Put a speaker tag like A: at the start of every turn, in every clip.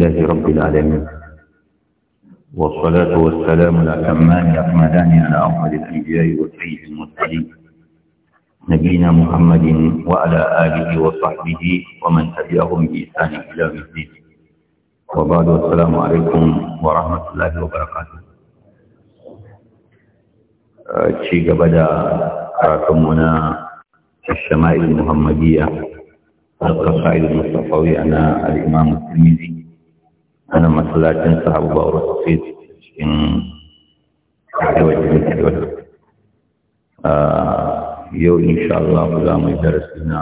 A: لله رب العالمين والصلاة والسلام الأتمان أحمدان على أفضل الأنبياء وسيد المرسلين نبينا محمد وعلى آله وصحبه ومن تبعهم بإحسان إلى الدين وبعد السلام عليكم ورحمة الله وبركاته شيء بدأ قراتمنا الشمائل المحمدية القصائد المصطفوية أنا الإمام الترمذي ana masallacin sahabu ba wurin ofis cikin arewacin kirkwar yau insha ku za mu yi darasi na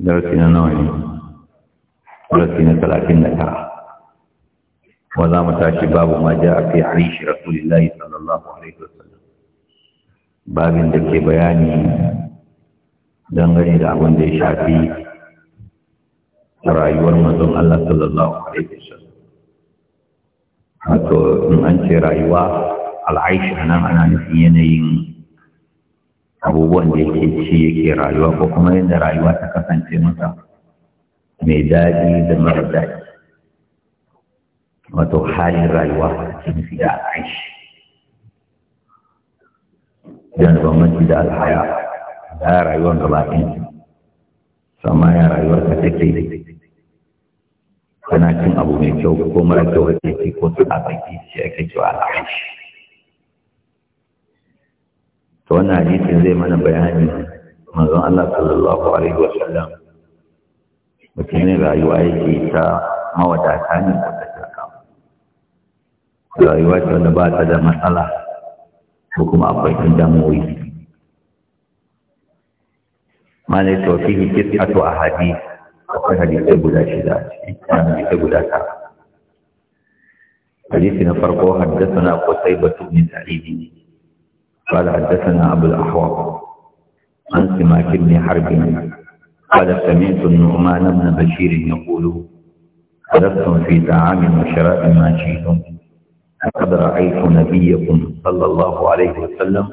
A: darasi na nawa ne darasi na talatin da tara wa za mu tashi babu ma ja fi arishi rasulillahi sallallahu alaihi wasallam babin da ke bayani dangane da abin da ya shafi rayuwar mazan Allah sallallahu Alaihi wasallam. Wato, in an ce rayuwa al'aisha nan ana nufin yanayin abubuwan da yake ci yake rayuwa ko kuma yadda rayuwa ta kasance mata, mai daɗi da mara daɗi. Wato, halin rayuwa ake nufi da al'aishi. al'aisha. Yana bambanci da alhaya, da rayuwar gaba ɗin, sama ya rayuwar ka take kana cin abu mai kyau ko mara kyau wace ce ko suna baki shi ake cewa al'ashi to wannan hadisin zai mana bayani manzon Allah sallallahu alaihi wa sallam mutumin rayuwa yake ta mawadata ne ko ta shaka rayuwa ce wanda ba ta da matsala ko kuma akwai ɗan damuwoyi ma ne to fihi kisatu ahadi. akwai hadisai guda shida بن ciki hadisai guda tara hadisi na farko haddasana قال حدثنا أبو الأحوال عن سماك بن حرب قال سمعت النعمان بن بشير يقول خلفتم في طعام وشراب ما شئتم لقد رأيت نبيكم صلى الله عليه وسلم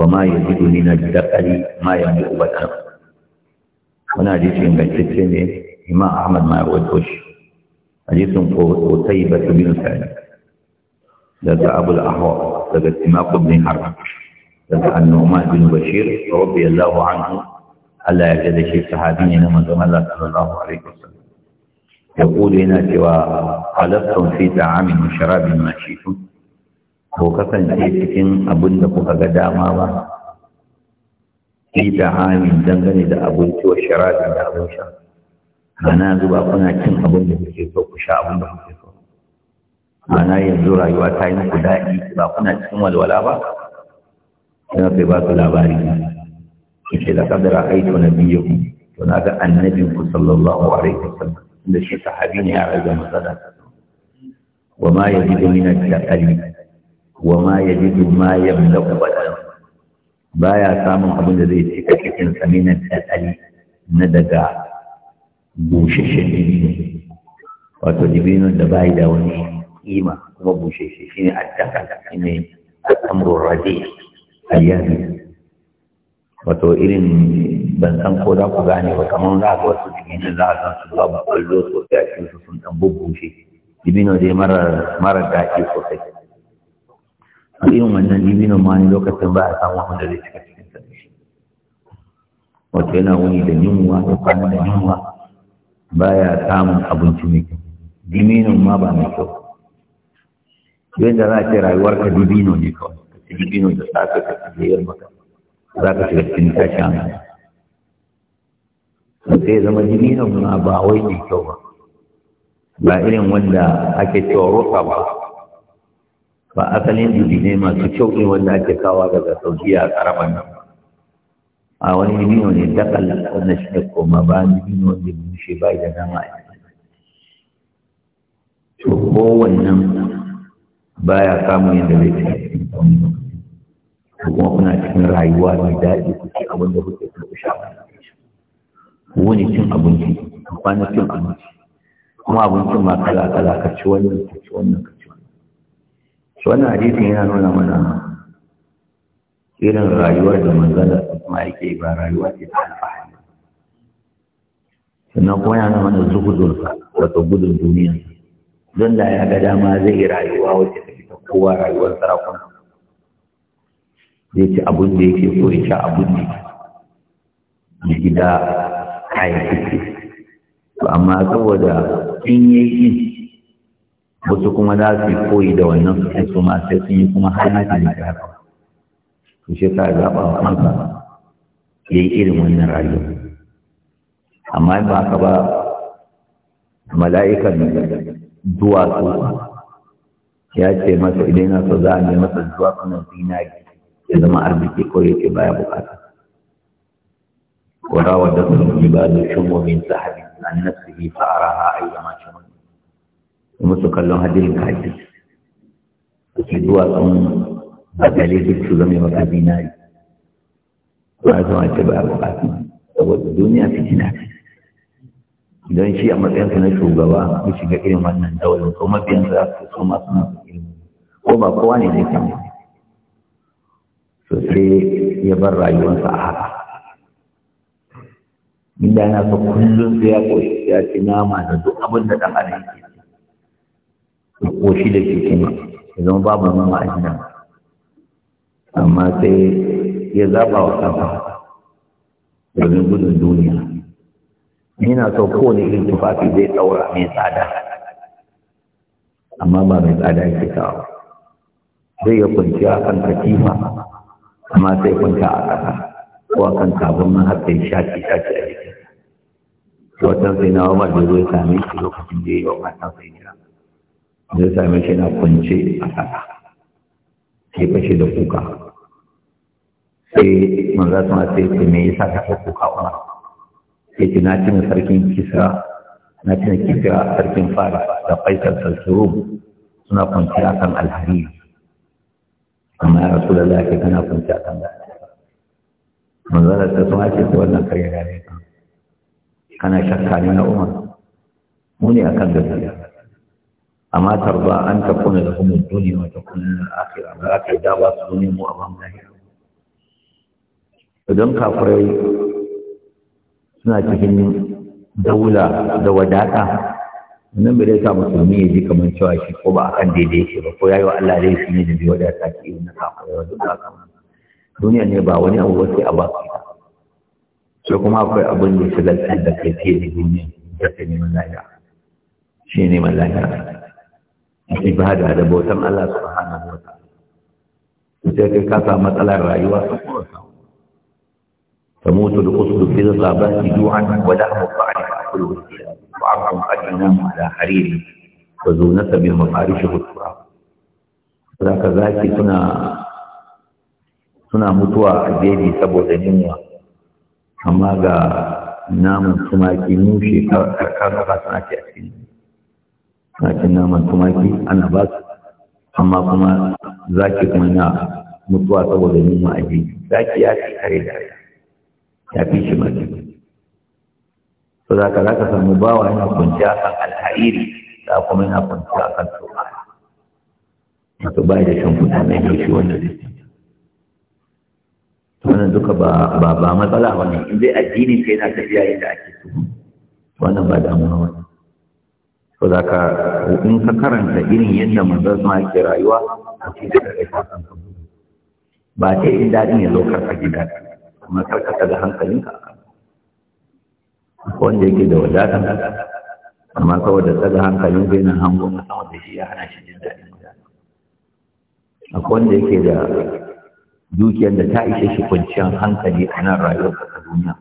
A: وما يزيد من الدقل ما يملؤ بدنه wani hadisi ingantacce ne imam ahmad ma ya wato shi hadisin kotai ba su bin sani daga abul ahwa daga timaku bin harba daga annoma bin bashir rabbi allahu anhu allah ya da shi sahabi ne na manzon allah sallallahu alaihi wasallam يقول هنا سوى خلفتم في طعام وشراب ما شئتم ko kasance cikin abin da kuka ga dama ba fi da hamin dangane da abinci wa sharabin da abin sha ana zuba kuna cin abin da kuke so ku sha abin da kuke so ana yanzu rayuwa ta yi muku daɗi ba kuna cikin walwala ba yana kai ba su labari in ce da kadara aito na biyu to na ga annabin ku sallallahu alaihi wasallam da shi sahabi ne a rage matsala wa ma yajidu min al-taqali wa ma yajidu ma yamlaku badan baya samun abin da zai cika cikin saminan tsakali na daga busheshen dibino wato dibino da bayi da wani kima kuma busheshe shine addaka shine rade a yanzu. wato irin ban san ko za ku gane ba kamar za ga wasu dibino za a san su ba ba kwallo sosai a cikin su sun ɗan bubbushe dibino dai mara daɗi sosai a yin wannan dibino ma ne lokacin ba a samu wanda zai cika cikin sa wato yana wuni da yunwa da kwana da yunwa ya samun abinci mai kyau dibino ma ba mai kyau yadda za a ce rayuwar ka dibino ne kawai ka ci dibino da safe ka ci zayyar maka za ka shiga cikin a nan. sai zama dibino ma ba wai mai kyau ba ba irin wanda ake cewa rufa ba ba asalin ne masu kyau ne wanda ake kawo daga saudiya a karaman nan a wani dubino ne dakal wannan shi ne koma ba dubino wanda mun shi ba da nama a to ko kowannan baya samun yadda zai ci
B: kuma kuna cikin rayuwa mai daɗi
A: kuke abin da kuke ku sha wani cin abinci kwanakin cin abinci kuma abincin ma kala kala ka ci wannan ka ci wannan ka wannan hadisin yana nuna mana irin rayuwar da manzala kuma yake ba rayuwa ce ta alfahari sannan kuma yana mana zuhudursa wato gudun duniya don da ya ga dama zai yi rayuwa wacce ta fita kowa rayuwar sarakuna zai ci abin da yake so ya sha abin da ya gida kayan kike to amma saboda in yi wasu kuma za su koyi da wannan su sai ma sai sun yi kuma har na ne da haka to shi ka zaɓa wa kanka ya yi irin wannan rayuwa amma in ba ka ba mala'ikan duwatsu ya ce masa idan na so za a nemi masa duwatsu na zinari ya zama arziki ko yake baya bukata من الجبال شم من سحب عن نفسه فأراها أينما شمل musu kallon hadirin kaji ke zuwa tsawon bakale duk su zama maka zinari ba su ce ba a bukatu saboda duniya fitina ce Don shi a matsayinsa na shugaba ya shiga irin wannan daular ko mabiyansa za su so masu masu ilimi ko ba kowa ne zai kama sosai sai ya bar rayuwarsa a haka inda yana so kullum sai ya koyi ya ci nama da duk abin da ɗan adam yake akoshi da ke kuma ya zama babu mama a gidan amma sai ya zaba wa kafa domin gudun duniya yana so kowane irin tufafi zai tsaura mai tsada amma ba mai tsada yake kawo zai ya kwanciya a kan katifa amma sai kwanciya a ƙasa ko a kan kabon man sai shafi shafi a jikin wata sai na wamar da ya sami shi lokacin da ya yi wa matan sai jira zai same shi na kwance a ƙasa sai fashe da kuka sai za su ma sai ce me yasa ka kuka kuma sai ce na cin sarkin kisra na cin kisra sarkin fara da faisal sarkin suna kwanci a kan alhari amma ya rasu da lafi kana kwanci a kan lafi manzana ta sun ce su wannan karya ne kana shakka ne na umar mu ne a kan gaskiya amma tarba an takuna da kuma duni wa takuna na akira ba ka da ba su zuni mu a lahira idan kafirai suna cikin daula da wadata nan bai sa musulmi ya ji kamar cewa shi ko ba a kan daidai yake ba ko yayi wa Allah laifi ne da bi wadata ki na kafirai wajen ba kamar duniya ne ba wani abu sai a ba su sai kuma akwai abin da shigar da kai ke da duniya da ta neman lahira shi neman lahira ibada da bautan Allah subhanahu wa ta'ala sai kai ka samu matsalar rayuwa ta kowa ta mutu da kusur fi zaba ba ki du'an wa da mu fa'ali ba ku wuce wa akum ajina ma da hariri wa zunata bi mafarishi hutura da ka zaki suna suna mutuwa a jeji saboda yunwa amma ga namun tumaki mu mushe karkarwa suna ke a cikin na naman tumaki ana ba su amma kuma za ki kuma na mutuwa saboda yin ma'aji? Za ki ya fi kare da ya fi shi mace so za ka za ka samu bawa yana a kan alha'iri za kuma yana a kan tsoka wato ba da shan kuta mai laushi wanda zai wannan duka ba ba matsala wani in dai addinin sai na tafiya yadda ake so wannan ba damuwa wani ko za ka in ka karanta irin yadda manzon ma ke rayuwa a cikin da kai ka ba ta yin daɗin ya zo karka gida kuma karka ta da hankalinka ko wanda yake da wadatan amma saboda tsaga hankalin bai nan hango na sama da shi ya hana shi jin daɗin wadatan akwai wanda yake da dukiyar da ta ishe shi kwanciyar hankali a nan rayuwar ta duniya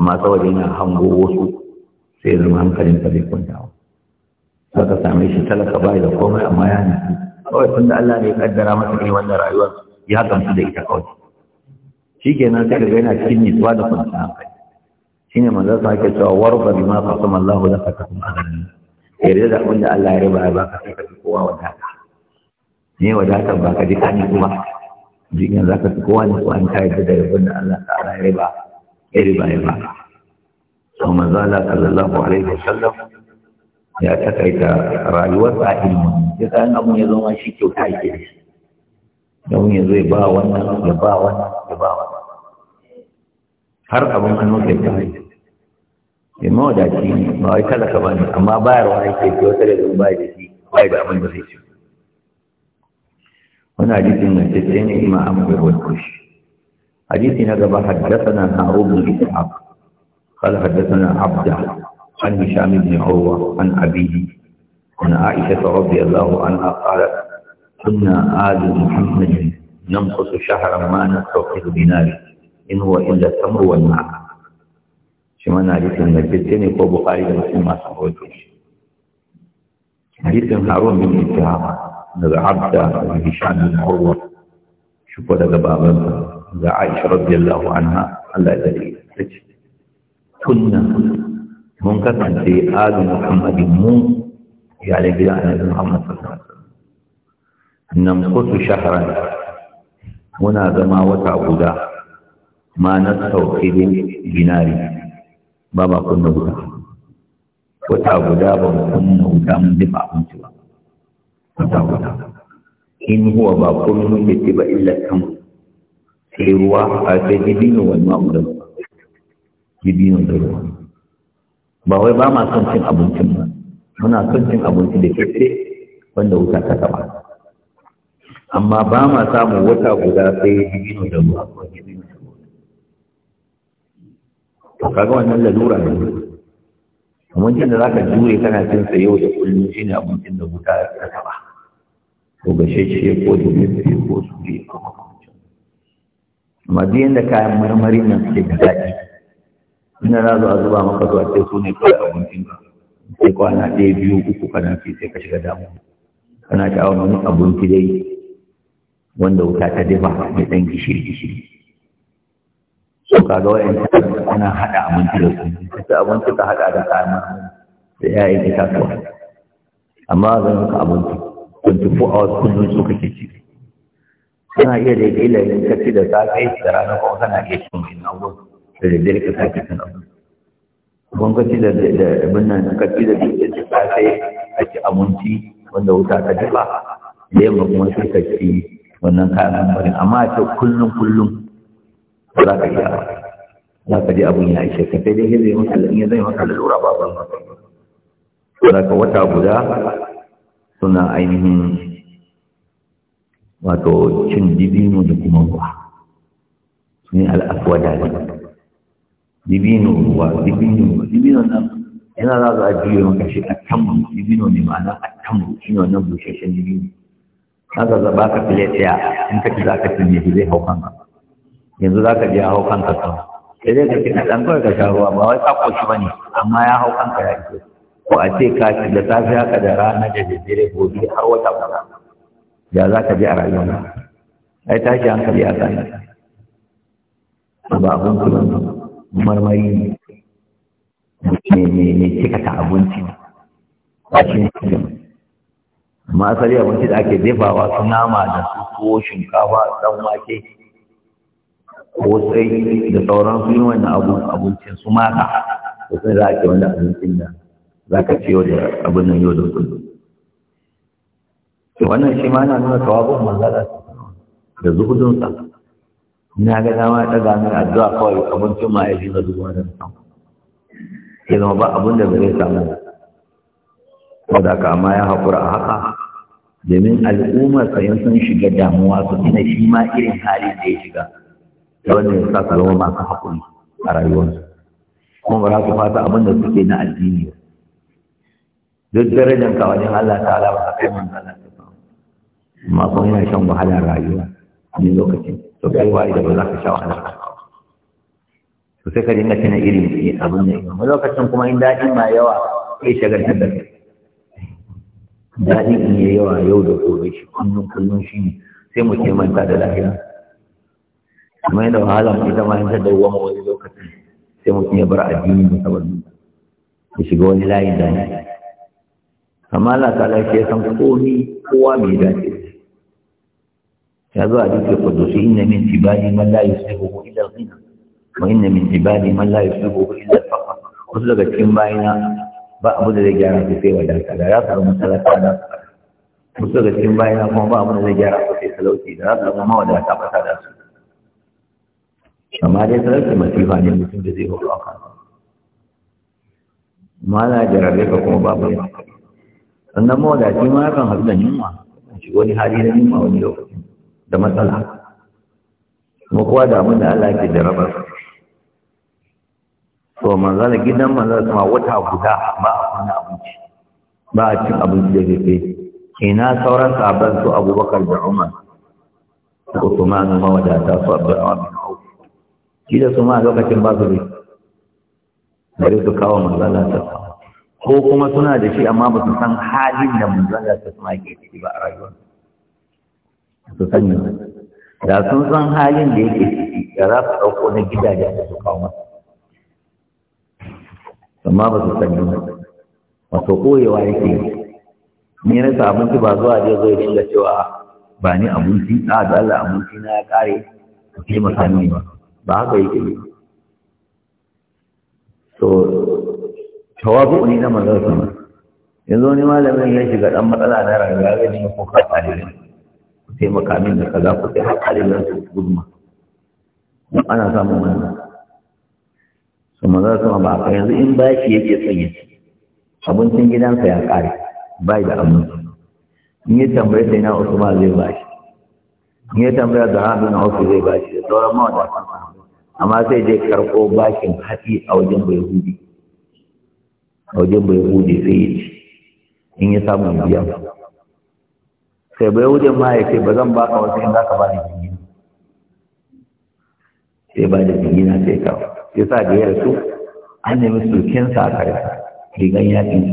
A: amma saboda yana hango wasu sai zama hankalin ka bai kwanta ka same shi talaka ba da komai amma ya ne kawai tun da Allah ne ya kaddara masa ne wannan rayuwar ya gamsu da ita kawai shi ke nan ga yana cikin nitsuwa da kwanci hankali shi ne manzan sa ake cewa warba bi ma kuma Allah da ka a azami yarda da abin da Allah ya riba ya baka sai ka fi kowa wadata ne wadatar ba ka ji ka ni kuma jikin za ka fi kowa ne kuma an ta yadda da abin da Allah ta ala ya riba ya riba ya baka sau manzan Allah sallallahu alaihi wa sallam ya takaita rayuwar a ilmi ya kayan abun ya zama shi kyauta ke da shi don ya zai ba wannan ya ba wannan ya ba wannan har abin an wuce ta hanyar ya mawadaci ne ba wai talaka ba ne amma bayarwa ke kyauta da zai bayar da shi bai da abin da zai ci wani hadisin na cece ne ima an bayarwar kushi hadisi na gaba haddasa na harubun ishaq قال حدثنا عبده عن هشام بن عروة عن أبيه عن عائشة رضي الله عنها قالت كنا آل محمد ننقص شهرا ما نستوقظ بنار إن هو إلا التمر والماء شمعنا حديث المجلسين هو بخاري ومسلم ما سمعوه حديث هارون بن إسحاق نزع عبد هشام بن عروة شوفوا هذا بابا عائشة رضي الله عنها الله يجزيها كنا mun kasance alu muhammadin mu ya gida a annabi muhammad sallallahu alaihi wasallam nan kusu shahran muna zama wata guda ma na tauhidin binari ba ba da guda wata guda ba mu kunna guda mun dafa abinci ba wata guda in huwa ba kullum yace ba illa kan sai ruwa a ta dibino wani ma'u da dibino da ruwa ba wai ba ma son cin abincin ba muna son cin abinci da keke wanda wuta ta taba amma ba ma samun wata guda sai gino da ruwa ko gino da ruwa to kaga wannan lalura ne abincin da za ka jure kana cin sa yau da kullum shi ne abincin da wuta ta taba ko shi ko dubi ko suri ko makamancin amma duk yadda kayan marmarin nan ke da daɗi ina na zo a zuba maka zuwa ce su ne kawai abincin ka sai kwana ɗaya biyu uku kana fi sai ka shiga damu kana sha'awar wani abinci dai wanda wuta ta dafa mai ɗan gishiri gishiri so wa'in ta ana haɗa abinci da su ta abinci ka haɗa da kama da ta itatuwa amma zan ka abinci 24 hours kullum ka kake ci kana iya da ilimin ka ci da safe da rana kuma kana iya cin wa'in abubuwan da daddare sake kan abu gwamnati da abin nan ka ci da dukkan da safe ka ci abinci wanda wuta ka dafa da yamma kuma sai ka ci wannan kayan lambarin, amma a ce kullum kullum ba za ka iya ba za ka ji abin ya ishe ka sai dai zai maka in zai maka lalura ba ba za ka wata guda suna ainihin wato cin dibino da kuma ruwa su ne da ne dibino wa dibino dibino nan yana za su ajiye maka shi a tamu dibino ne ma'ana a tamu shi ne wannan busheshen dibino haka za ba ka fili ɗaya in ka ci za ka fili shi zai hau kanka yanzu za ka je hau kanka kan sai dai ka ci na ɗan kawai ka sha ruwa ba wai ka koshi ba ne amma ya hau kanka ya iso ko a ce ka ci da safe haka da rana da daddare gobe har wata guda ya za ka je a rayuwa ai tashi hankali a tsaye ba abun kula ba marmari mai cikata abinci a cikin amma asali abinci da ake zafawa su nama da su tuwo shinkafa dan wake ko sai da sauran su yi wani abincin su maka da sun za a ke wani abincin da za ka ce da abin nan yau da kullum wannan shi ma na nuna tawabin manzala da zuhudunsa na ga dama ya ɗaga min addu'a kawai abincin ma ya ga zuwa da samu ya zama ba abin da zai samu da ka amma ya haƙura a haka domin al'ummar yin sun shiga damuwa su ina shi ma irin halin da ya shiga ta wanda ya sa zama masu haƙuri a rayuwarsu kuma ba za su fata abin da suke na addini ba duk darajar ka wajen Allah ta ala ba kai man Allah ta samu amma kuma yana shan wahala rayuwa a lokacin to kai wa idan ba za ka sha wahala to sai ka dinga tana irin abin ne? wani lokacin kuma in daɗin ma yawa sai shagaltar da kai daɗin in yi yawa yau da gobe shi kullun kullun shi ne sai mu ke manta da lahira kuma yadda wahala ita ma in ta dawo wani lokacin sai mu ya bar addini da saboda Mu shiga wani layi da ne amma Allah ta lafiya san komi kowa mai daɗi. ya zo a duk kudusi inna min ibadi man la yusibuhu illa al-ghina wa inna min ibadi man la yusibuhu illa al-faqr wasu daga cikin bayina ba abu da zai gyara su sai wadata da ya samu talaka da su wasu daga cikin bayina kuma ba abu da zai gyara su sai talauci da za su zama wadata ba da su amma dai talauci masifa ne mutum da zai hau a kan ma na jarabe ka kuma babu ya sannan mawadaci ma yakan haɗu da yunwa wani hali na yunwa wani lokaci da matsala kuma kuwa da abin da Allah ke da rabar. to manzana gidan manzana kuma wata guda ba a kuna abinci ba a cin abinci da gefe ina sauran sabon su abubakar da umar da usmanu mawadata su abdurrahman bin auf shi da su ma a lokacin ba su bi bari su kawo manzana ta ko kuma suna da shi amma ba su san halin da manzana ta suna ke ciki ba a rayuwarsu su sani da sun san halin da yake ciki da za su ɗauko na gidaje da su kawo masa amma ba su sani wato koyewa yake yi ni na sa abinci ba zuwa je zai dinga cewa ba ni abinci a da Allah abinci na ya kare ka masa ne ba ba haka yake yi to tawabu ne na manzon sama yanzu wani malamin ya shiga dan matsala na rayuwa ya ne ko ka ne sai makamin da kaza ku sai hakalin nan su gudma ana samun wannan su maza su ba ka yanzu in ba shi yake sanya abincin gidansa ya kare bai da abinci in ya tambaye sai na usman zai ba shi in ya tambaya da hannu na wasu zai ba shi da sauran mawadatan amma sai dai karko bashin hatsi a wajen bai hudi a wajen bai hudi sai ya ci in ya samu biyan sai bai wujen ma ya ce ba zan baka wasu in za ka ba da jingina sai ba da jingina sai ka ya sa da yarsu an nemi sa a kare rigan yakin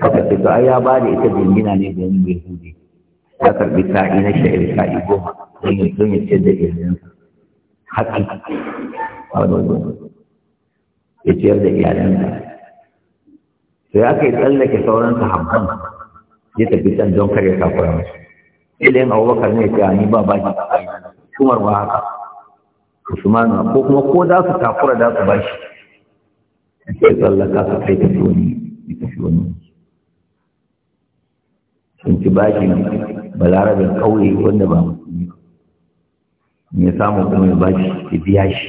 A: haka ce to ai ya ba da ita jingina ne da wani bai hude ya karbi sa'i na sha'ir sa'i goma don ya don ya ce da iyalinsa haƙi a wani wajen ya ciyar da iyalinsa sai aka yi tsallake sauran sahabban ya tafi can don kare takura masu ilayin abubakar ne ce ni ba baki umar ba haka usman ko kuma ko za su takura za su bashi sai tsallaka su kai tafi wani tafi wani sun ci bashi balarabin kauye wanda ba musulmi ba ya samu kuma ya bashi ya biya shi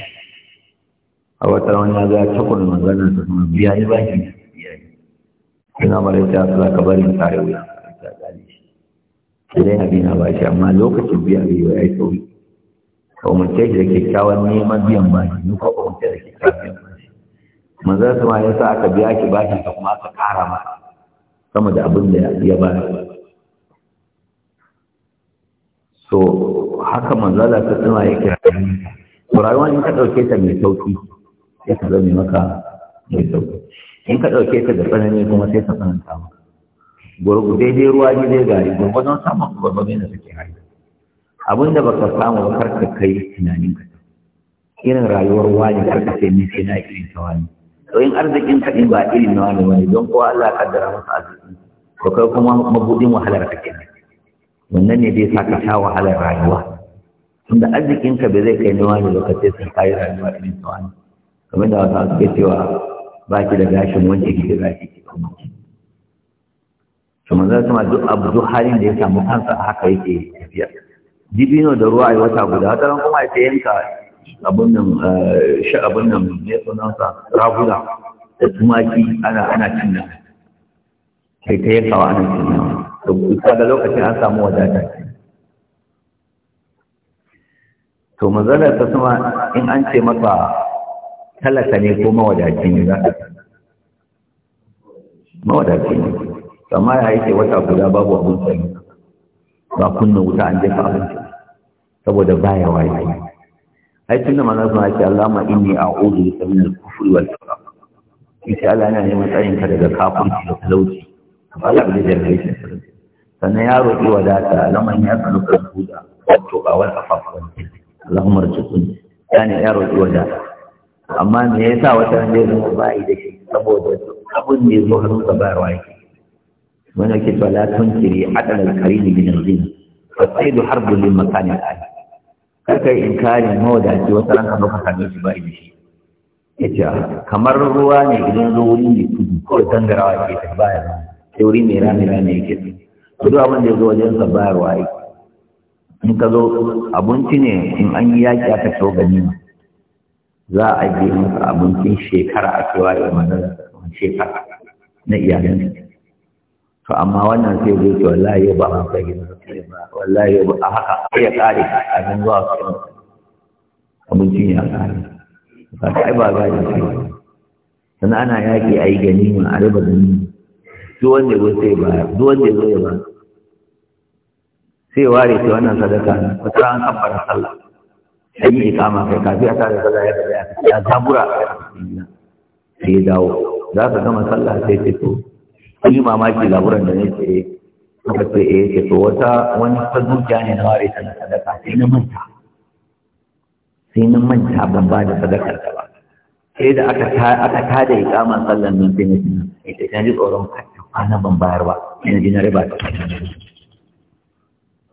A: a wata rawan ya ga takwar maganar ta kuma biya ya bashi ya biya shi suna mara ta su za ka bari tare wuya ta gane shi sai na bashi ba shi amma lokacin biya bai yi ai sauri ka umarce shi da kyakkyawan neman biyan bashi ni ko umarce da kyakkyawan biyan bashi manzan su ma ya sa aka biya ki bashin ka kuma aka kara ma sama da abin da ya ba so haka manzala ta tsima ya kira to rayuwa in ka ɗauke ta mai sauki sai ka zame maka mai sauki in ka ɗauke ta da tsanani kuma sai ta tsananta maka gurgu daidai ruwa ne zai gari gurgudun samun gurgudun da suke hari abin da baka samu ba karka kai tunanin ka irin rayuwar wani karka sai ni sai na irin ta wani to in arzikin ka din ba irin na wani wani don kowa Allah ya kaddara masa arziki ko kai kuma mabudin wahalar ka kenan wannan ne zai ka sha wahalar rayuwa tunda arzikin ka bai zai kai na wani lokacin sai kai rayuwa irin ta wani kamar da wasu suke cewa ba ki da gashin wanda da gashi ki kuma to zai sama duk abu duk halin da ya samu kansa a haka yake tafiya dibino da ruwa ai wata guda wata ran kuma ya yanka abun nan eh, shi abun nan ne sunansa raguna da tumaki ana ana cin nan sai ta yanka wa ana cin nan to da lokacin an samu wadata to manzalar ta sama in an ce maka talaka ne ko mawadaci ne za ka mawadaci ne amma ya yake wata guda babu abin sani ba kunna wuta an jefa abinci saboda baya waye ai tunda manzo sun ce Allahumma inni a'udhu bika min al-kufri wal faqr insha Allah yana neman tsayin ka daga kafirci da talauci Allah bai da rashin sirri sannan ya roƙi wadata laman ya sanu kan huda wato ba wal afafuwan Allahumma rzuqni yani ya roƙi wadata amma me yasa wata ran ba a bai da shi saboda abun ne zo hannun ka bayarwa yake wanda ke cewa la tunkiri adal karim bin zina fasaidu harbun lil makani al karka yi inkarin mawadaci wata ranka zo ka same shi ba da shi yace kamar ruwa ne idan zo wurin ne tudu kawai gangarawa ke ta baya sai wuri mai rami rami yake ku duk abin da ya zo wajen sa bayarwa yake in ka zo abinci ne in an yi yaƙi aka sau gani za a je masa abincin shekara a kewaye manzara shekara na iyalansa to amma wannan sai zai ce wallahi yau ba ma kai gidan kai ba wallahi yau a haka ya kare abin zuwa su abincin ya kare ba ta ba ga da shi sana ana yaƙi a yi ma a raba gani duk wanda ya sai ba duk wanda ya zo ya ba sai ware ce wannan sadaka ne wata an kabbara sallah sai yi ikama kai kafi a tare sallah ya ya zabura a cikin gina sai ya dawo za ka gama sallah sai ce to yi mamaki laburan da nake eh suka ce eh ce to wata wani ta dukiya ne na ware ta na sadaka sai na manta sai na manta ban ba da sadakar ta ba sai da aka aka tada iqaman sallan nan sai na ji eh, ita ta ji tsoron kanta kwana ban bayar ba ina ji na riba ta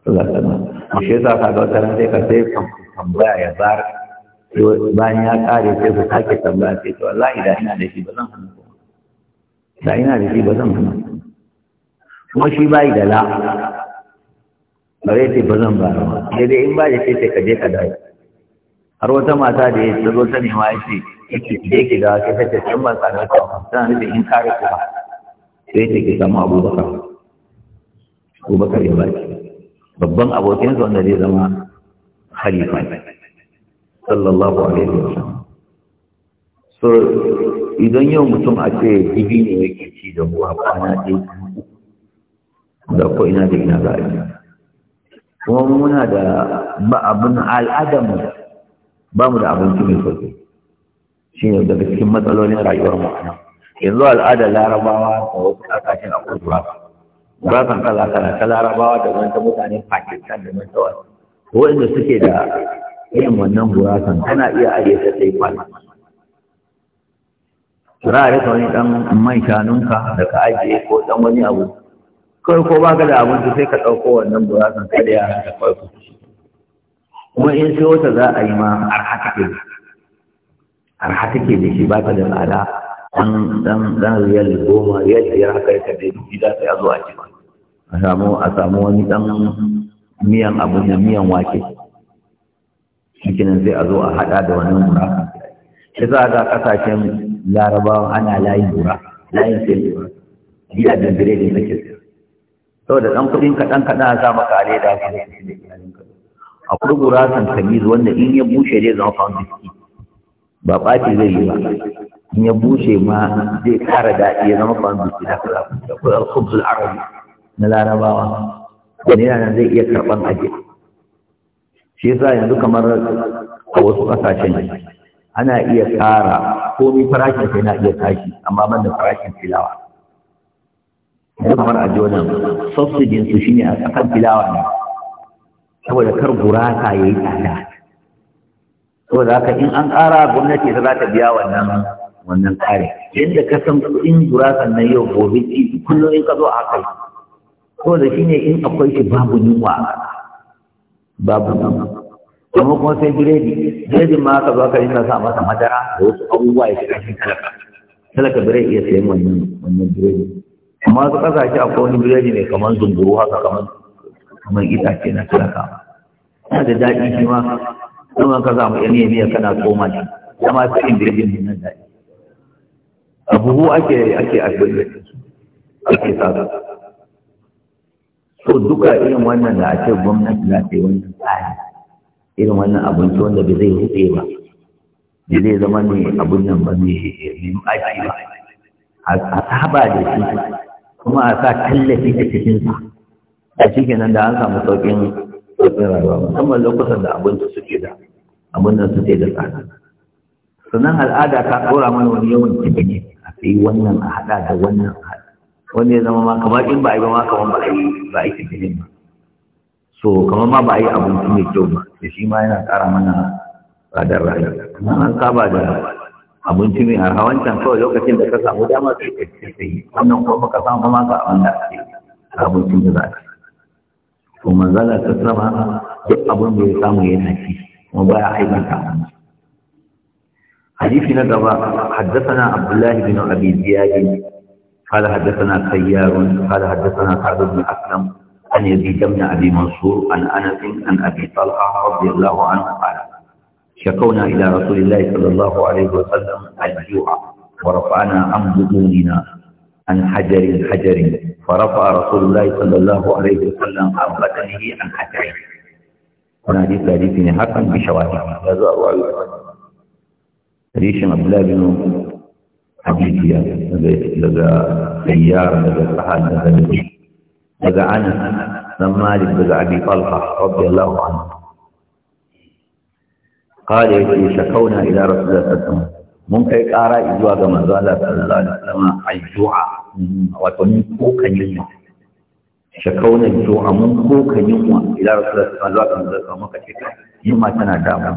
A: Allah ta shi yasa ka ga wata ran sai ka sai tambaya ya bar bayan ya kare sai ku sake tambaya sai to wallahi da ina da shi ba zan hannu da ina da shi ba zan hana kuma shi bayi da la bare zai ce ba zan ba ba sai dai in ba da sai ka je ka dawo har wata mata da ya zo ta nema ya ce yake da yake da wake ta ce can ban tsanar ta ba tana nufin in kare ku ba sai ta ke samu abubakar abubakar ya ba babban abokinsa wanda zai zama khalifa sallallahu alaihi wasallam idan yau mutum a ce dibi ne yake ci da ruwa kwana ɗaya da ko ina da ina za a yi kuma muna da ba abin mu ba mu da abinci mai sosai shi ne daga cikin matsalolin rayuwar mu nan yanzu al'adar larabawa da wasu ƙasashen a kudu ba ba kan kala kala ta larabawa da wani ta mutanen pakistan da wani ta wasu wanda suke da irin wannan burasan tana iya ajiye ta sai kwana za a rika wani ɗan man shanunka da ka ajiye ko ɗan wani abu kawai ko ba ka da abinci sai ka ɗauko wannan burasan kada yaran ka farko. kuma in sai wata za a yi ma arha take arha ke da shi ba ta da tsada ɗan ɗan ɗan riyal goma riyal biyar haka ya kaɗai gida sai a zo a ci ba a samu a samu wani ɗan miyan abu da miyan wake shi sai a zo a haɗa da wannan burasan sai za a ga ƙasashen Larabawa ana layin lura layin sai lura gidajen biredi na ke sau Saboda ɗan kuɗin kaɗan kaɗan a sa maka a leda ka da shi da iyalinka akwai gurasan kabiz wanda in ya bushe zai zama pound biski ba ɓaci zai yi ba in ya bushe ma zai ƙara daɗi ya zama pound biski da kaza da kuma alkhubzul arabi na larabawa wani yana zai iya karɓan aje shi yasa yanzu kamar a wasu ƙasashen ana iya ƙara komi farashin sai na iya tashi amma ban da farashin filawa ya kamar a jonan subsidin su shine a kan filawa ne saboda kar guraka ya yi tsada saboda haka in an ƙara gwamnati ta za ta biya wannan wannan kare yadda ka san kuɗin gurasan na yau gobe ci kullum in ka zo a kai saboda shine in akwai shi babu yunwa babu yunwa kuma kuma sai biredi biredin ma ka zo ka yi sa masa madara da wasu abubuwa ya shiga cikin talaka talaka biredi iya sayan wannan wannan biredi amma su shi a wani biredi ne kamar zunguru haka kamar kamar itace na talaka yana da daɗi shi ma kuma ka samu yan miya kana koma shi zama yin biredin ne nan daɗi abubuwa ake ake abin ake sa so duka irin wannan da ake gwamnati za ta yi wannan tsari irin wannan abinci wanda bai zai rufe ba bai zai zama ne abin nan ba ne aiki ba a saba da shi kuma a sa tallafi a cikinsa a cikin nan da an samu sauƙin sauƙin rayuwa musamman lokutan da abinci suke da abin nan suke da tsada sannan al'ada ta ɗora mana wani yawan ciniki a sai wannan a haɗa da wannan wanda ya zama ma kamar in ba a yi ba ma kamar ba a yi ba a yi cikin ba so kamar ma ba a yi abinci mai kyau ba da shi ma yana ƙara mana tsadar rayuwa an saba da abinci mai arha wancan kawai lokacin da ka samu dama su ka ce sai wannan kuma ka samu kuma ka wanda ake abincin da za ka to manzala ta sama duk abin da ya samu yana ci kuma baya aibanta wannan حديث نقبة حدثنا عبد الله بن أبي زياد قال حدثنا سيار قال حدثنا سعد بن أسلم عن يزيد بن أبي منصور عن أنس عن أبي طلحة رضي الله عنه قال شكونا إلى رسول الله صلى الله عليه وسلم الجوع ورفعنا عن بطوننا عن حجر حجر فرفع رسول الله صلى الله عليه وسلم عن بطنه عن حجر هنا حديث حديث حقا بشواهد هذا هو حديث عبد الله بن حديث لذا سيار لذا سحر لذا daga ana dan malik daga abi talha radiyallahu anhu قال يقول شكونا إلى رسول الله صلى الله da sassan. mun kai ƙara zuwa ga manzo Allah sallallahu alaihi wasallam al-du'a wato ni ko kan yin wa shakauna a mun ko kan yin wa ila rasulullahi sallallahu alaihi wasallam muka ce yin ma tana damu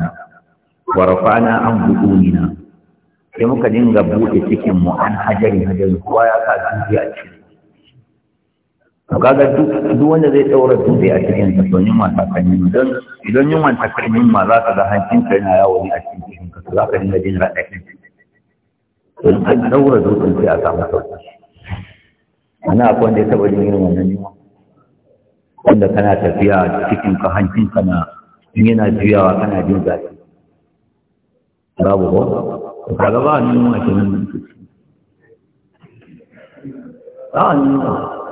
A: wa rafa'na an buduna sai muka dinga bude cikin mu an hajari hajari kowa ya ka dubi a cikin to kaga duk wanda zai daura dubi a cikin sa to yunwa ta kan don idan yin ta kan yi ma za ka ga hancin ka yana yawo ne a cikin cikin ka za ka dinga jin raɗaɗi to an daura dubi sai a samu sauki ana akwai wanda ya taɓa jin irin wannan yunwa wanda kana tafiya cikin ka hancin ka na yana juyawa kana jin zafi babu ko kaga ba ni yunwa kenan ba ni yunwa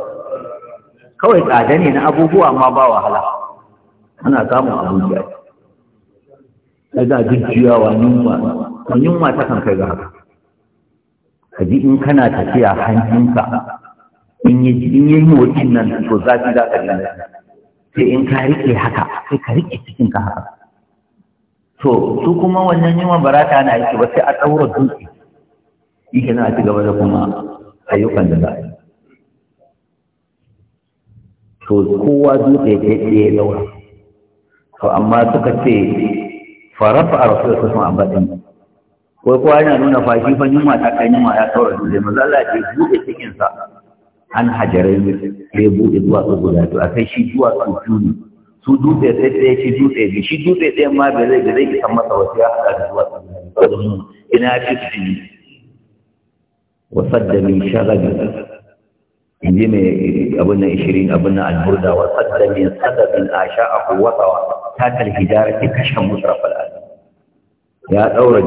A: kawai tsada ne na abubuwa ma ba wahala ana samun abubuwa ta ga wa yunwa to yunwa ta kan kai ga haka ka ji in kana tafiya hannunka in yi motsin nan to ki za ka dinga sai in ka rike haka sai ka cikin cikinka haka to su kuma wannan yunwa ba ta na yake ba sai a ɗaura dutse shi na a ci gaba da kuma ayyukan da za a yi to kowa dutse ya ce ya zaura to amma suka ce farafa a rasu da su sun ambatan ko kowa yana nuna fashi ban yi ta kan yi ya saura dutse maza Allah ce buɗe cikinsa an hajarai sai buɗe su guda to a kai shi duwatsu su ne su dutse sai ɗaya shi dutse biyu shi dutse ɗaya ma bai zai zai isan masa wasu ya haɗa da duwatsu guda ina ya fi su ne wasadda min sharabi in ji mai abin nan ishirin abin nan alburda wa sadda min sadadin a sha'ahu ta ta kalhidara ta kashe musrafal al'adu ya ɗaura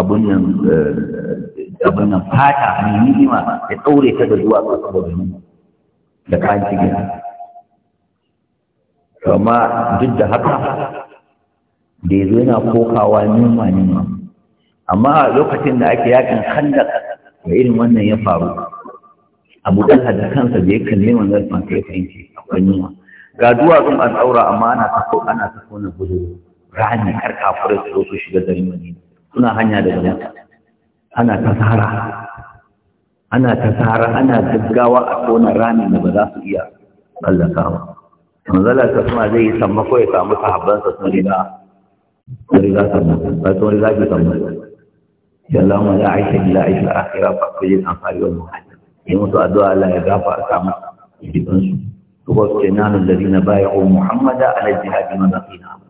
A: abin nan eh, abin nan fata mai ni'ima ya ɗaure ta da zuwa ga saboda ni da kayan cikin amma duk da haka da ya zo yana kokawa nima nima amma a lokacin da ake yakin khandaka da irin wannan ya faru abu dalha da kansa da ya kalli manzon sama sai fahimci akwai yunwa ga duwatsun an ɗaura amma ana ta ko ana ta kona gudu rani har kafirai su zo su shiga garin madina suna hanya da mota ana ta tsara ana ta tsara ana gaggawa a kona rani da ba za su iya tsallakawa manzala ta suna zai yi sammako ya samu sahabbansa sun riga sun riga sammako ba sun riga ki sammako ya Allah mu ya aisha ila aisha akhira fa kujin amfani wal muhalli. yi musu addu'a Allah ya gafarta musu gidansu to ba su ce nanu da dina baya o muhammada ala jihadi mazafina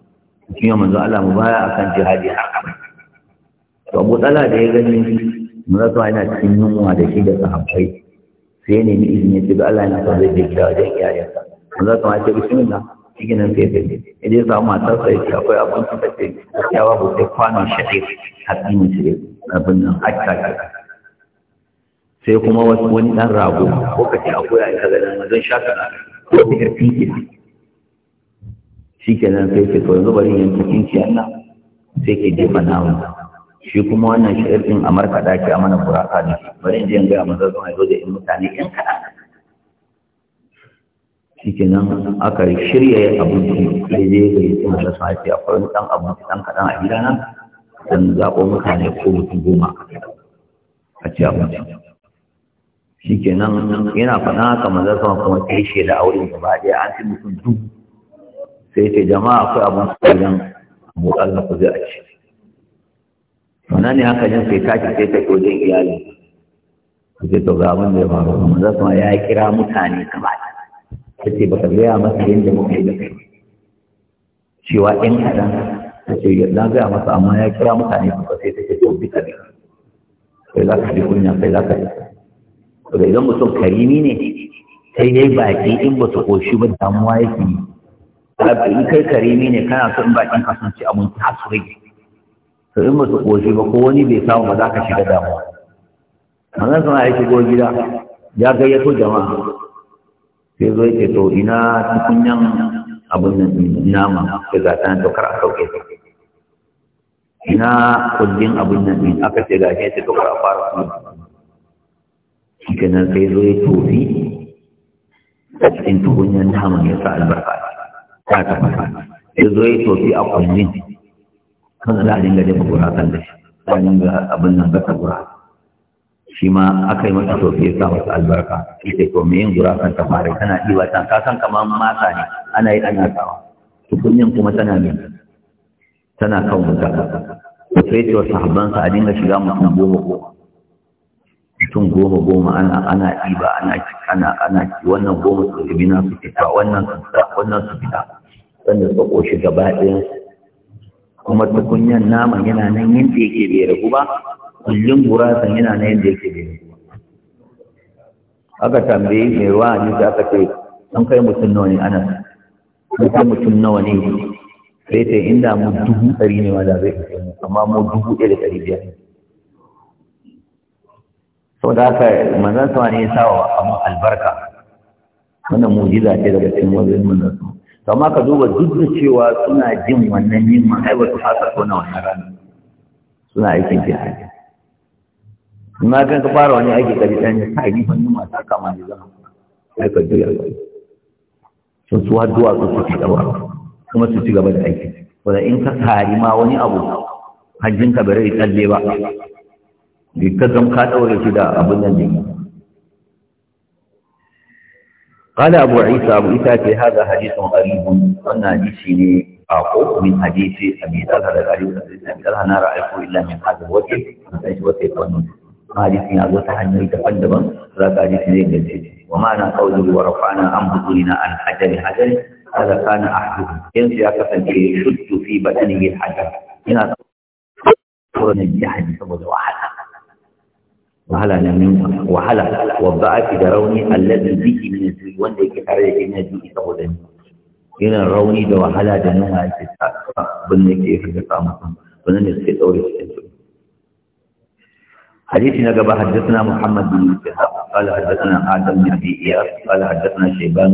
A: shi ya manzo Allah mu baya akan jihadi har abada to abu tsala da ya gani mun zama yana cikin yunwa da shi da sahabbai sai ya nemi izini ya ga Allah yana son zai je gida wajen iyayensa mun zama ya ce bismillah shi nan sai ya tafi idan ya samu matarsa ya ce akwai abin da ta ce gaskiya babu sai kwanon shaɗe hatsi mu ce abin nan hakka sai kuma wani ɗan rago ko a ce ita ganin mazan shaka na ko ta na ɗan shi ke nan sai ke kawai zubarin yanki tinkiya na sai ke jefa namun shi kuma wannan shi'ar ɗin a markaɗa ke a mana buraka ne bari in je in gaya mazan zuwa zo da in mutane yan kaɗa shi ke nan aka shirya ya abinci sai dai ga yi cin da sa'afi haifi akwai wani ɗan abinci ɗan kaɗan a gidana dan zaɓo mutane ko mutum goma a ci abinci shikenan yana faɗa haka manzon sama kuma ke shi da auren gaba ɗaya an ci mutum dubu sai ce jama'a akwai abun tsoron mu Allah ku zai a ci wannan ne hankalin sai tashi sai ta wajen iyali suke to ga abin da ya faru manzon sama ya kira mutane kama ta ta ce baka gaya masa yadda muka yi da kai cewa ɗan kaɗan ta ce na gaya masa amma ya kira mutane kuma sai ta ce to bi ka bi sai za ka bi kunya sai za ka bi daga idan mutum karimi ne sai dai baki in ba su koshi ba damuwa yake
B: yi in kai
A: karimi ne kana so in bakin ka sun ci abinci har su rage to in ba su koshi ba ko wani bai samu ba za ka shiga damuwa manzon sama ya shigo gida ya gayyato jama'a sai zo yake to ina tukunyan abin nan nama sai ga tana to a sauke ta ina kullin abin nan aka ce ga shi ta to a fara suna. shi nan sai zo ya tofi a cikin tukunyar naman ya sa albarka ta tafasa ya zo ya tofi a kwallin kan za a dinga dafa gurasan da shi za a dinga abin nan gasa gurasa shi ma aka yi mata tofi ya sa wasu albarka ita ko me yin gurasan ta fara tana ɗiba ka san kamar mata ne ana yi ana sawa tukunyan kuma tana min tana kan wuta sai ce wa sahabbansa a dinga shiga mutum goma goma mutum goma goma ana ana ba ana ana ana wannan goma su ɗibi na su fita wannan su fita wannan su fita wanda su ƙoshi gaba ɗaya. kuma tukunyan nama yana nan yadda yake bai ragu ba kullum gurasa yana nan yadda yake bai ragu aka tambaye mai ruwa ne da aka ce an kai mutum nawa ne ana kai mutum nawa ne sai ta inda mu dubu ɗari ne ma da zai amma mu dubu ɗaya da ɗari biyar ne saboda haka manzon sama ne ya sa wa abin albarka wannan mujiza ce daga cikin wajen manzon sama to amma ka duba duk da cewa suna jin wannan yin ma ai ba su fasa ko wannan rana suna aikin jihadi na kan ka fara wani aiki kaji ɗan ka yi wani mata kama ne zama aika juya sun suwa duwatsu su ci gaba kuma su ci gaba da aiki wadda in ka tari ma wani abu hajjinka bai rai tsalle ba لكتم قالوا لكذا أبو النجم قال أبو عيسى أبو عيسى هذا حديث غريب أن حديثني أقوى من حديث أبي طلحة الغريب أبي طلحة لا رأيته إلا من هذا الوجه فإيش وجه قانون حديثنا أبو تحني تقدما ذاك حديثني جديد ومعنى قوله ورفعنا أن بطولنا عن حجر حجر هذا كان أحد إن سياسة يشد في بدنه الحجر هنا نجحني سبب واحد wahala na min wahala wa da rauni allazi bihi min al wanda yake tare da ina ji saboda ni Irin rauni da wahala da nan yake abin da yake fita samu wannan ne sai daure shi حديث نقبة حدثنا محمد بن الشهاب قال حدثنا آدم بن أبي إياس قال حدثنا شيبان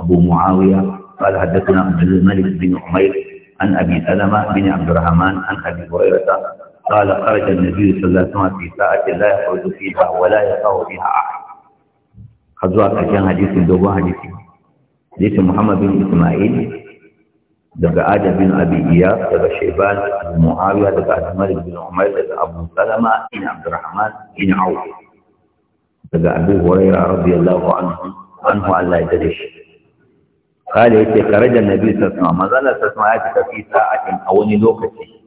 A: أبو معاوية قال حدثنا عبد Malik bin عمير an أبي سلمة بن عبد an عن أبي قال خرج النبي صلى الله عليه وسلم في ساعة لا يخرج فيها ولا يقع بها أحد خذوا كان حديث دوبا حديث حديث محمد بن إسماعيل daga Adam bin Abi Iyas daga Shayban Muawiya daga Ahmad bin Umar daga Abu Salama bin Abdurrahman bin Auf daga Abu Hurairah radiyallahu anhu anhu Allah ya dade shi قال يتي خرج النبي صلى الله عليه وسلم ما زال تسمع في ساعة أو ني لوكتي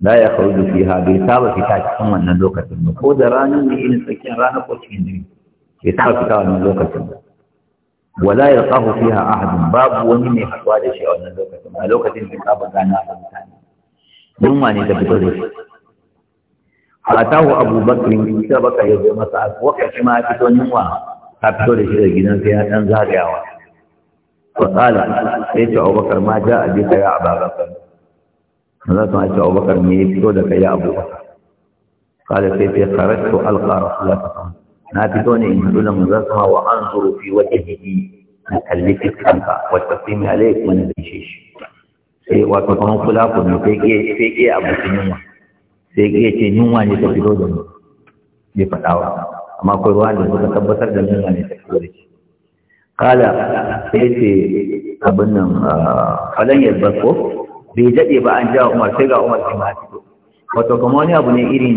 A: la ya kharuju fiha bai saba fita cikin wannan lokacin ba ko da ranar ne irin tsakiyar rana ko cikin dare bai saba fita wannan lokacin ba wala ya tsahu fiha ahadun babu wani mai haɗuwa da shi a wannan lokacin a lokacin da ka baga na da mutane Mun wane da fito da shi fatahu abubakar sai baka ya zo masa wakati ma fito yunwa ta fito da shi da gidan sai ya dan zagayawa wa qala sai ta abubakar ma ja'a bika ya ababakar manzo sun ce Abubakar me ya fito da kai ya Abubakar kada sai sai kharajtu alqa rasulullah na fito ne in hadu da manzo sama wa anzuru fi wajhihi na kalli fiskanka wa tasimi alayk wa nabishi shi sai wato kuma kula ku ne sai ke sai ke abu yunwa sai ke ce yunwa ne ta fito da mu bai faɗawa amma akwai ruwa da suka tabbatar da yunwa ne ta fito da shi kala sai ce abin nan ah, falan yalbar ko bai daɗe ba an jawo umar sai ga umar shi ma fito wato kuma wani abu ne iri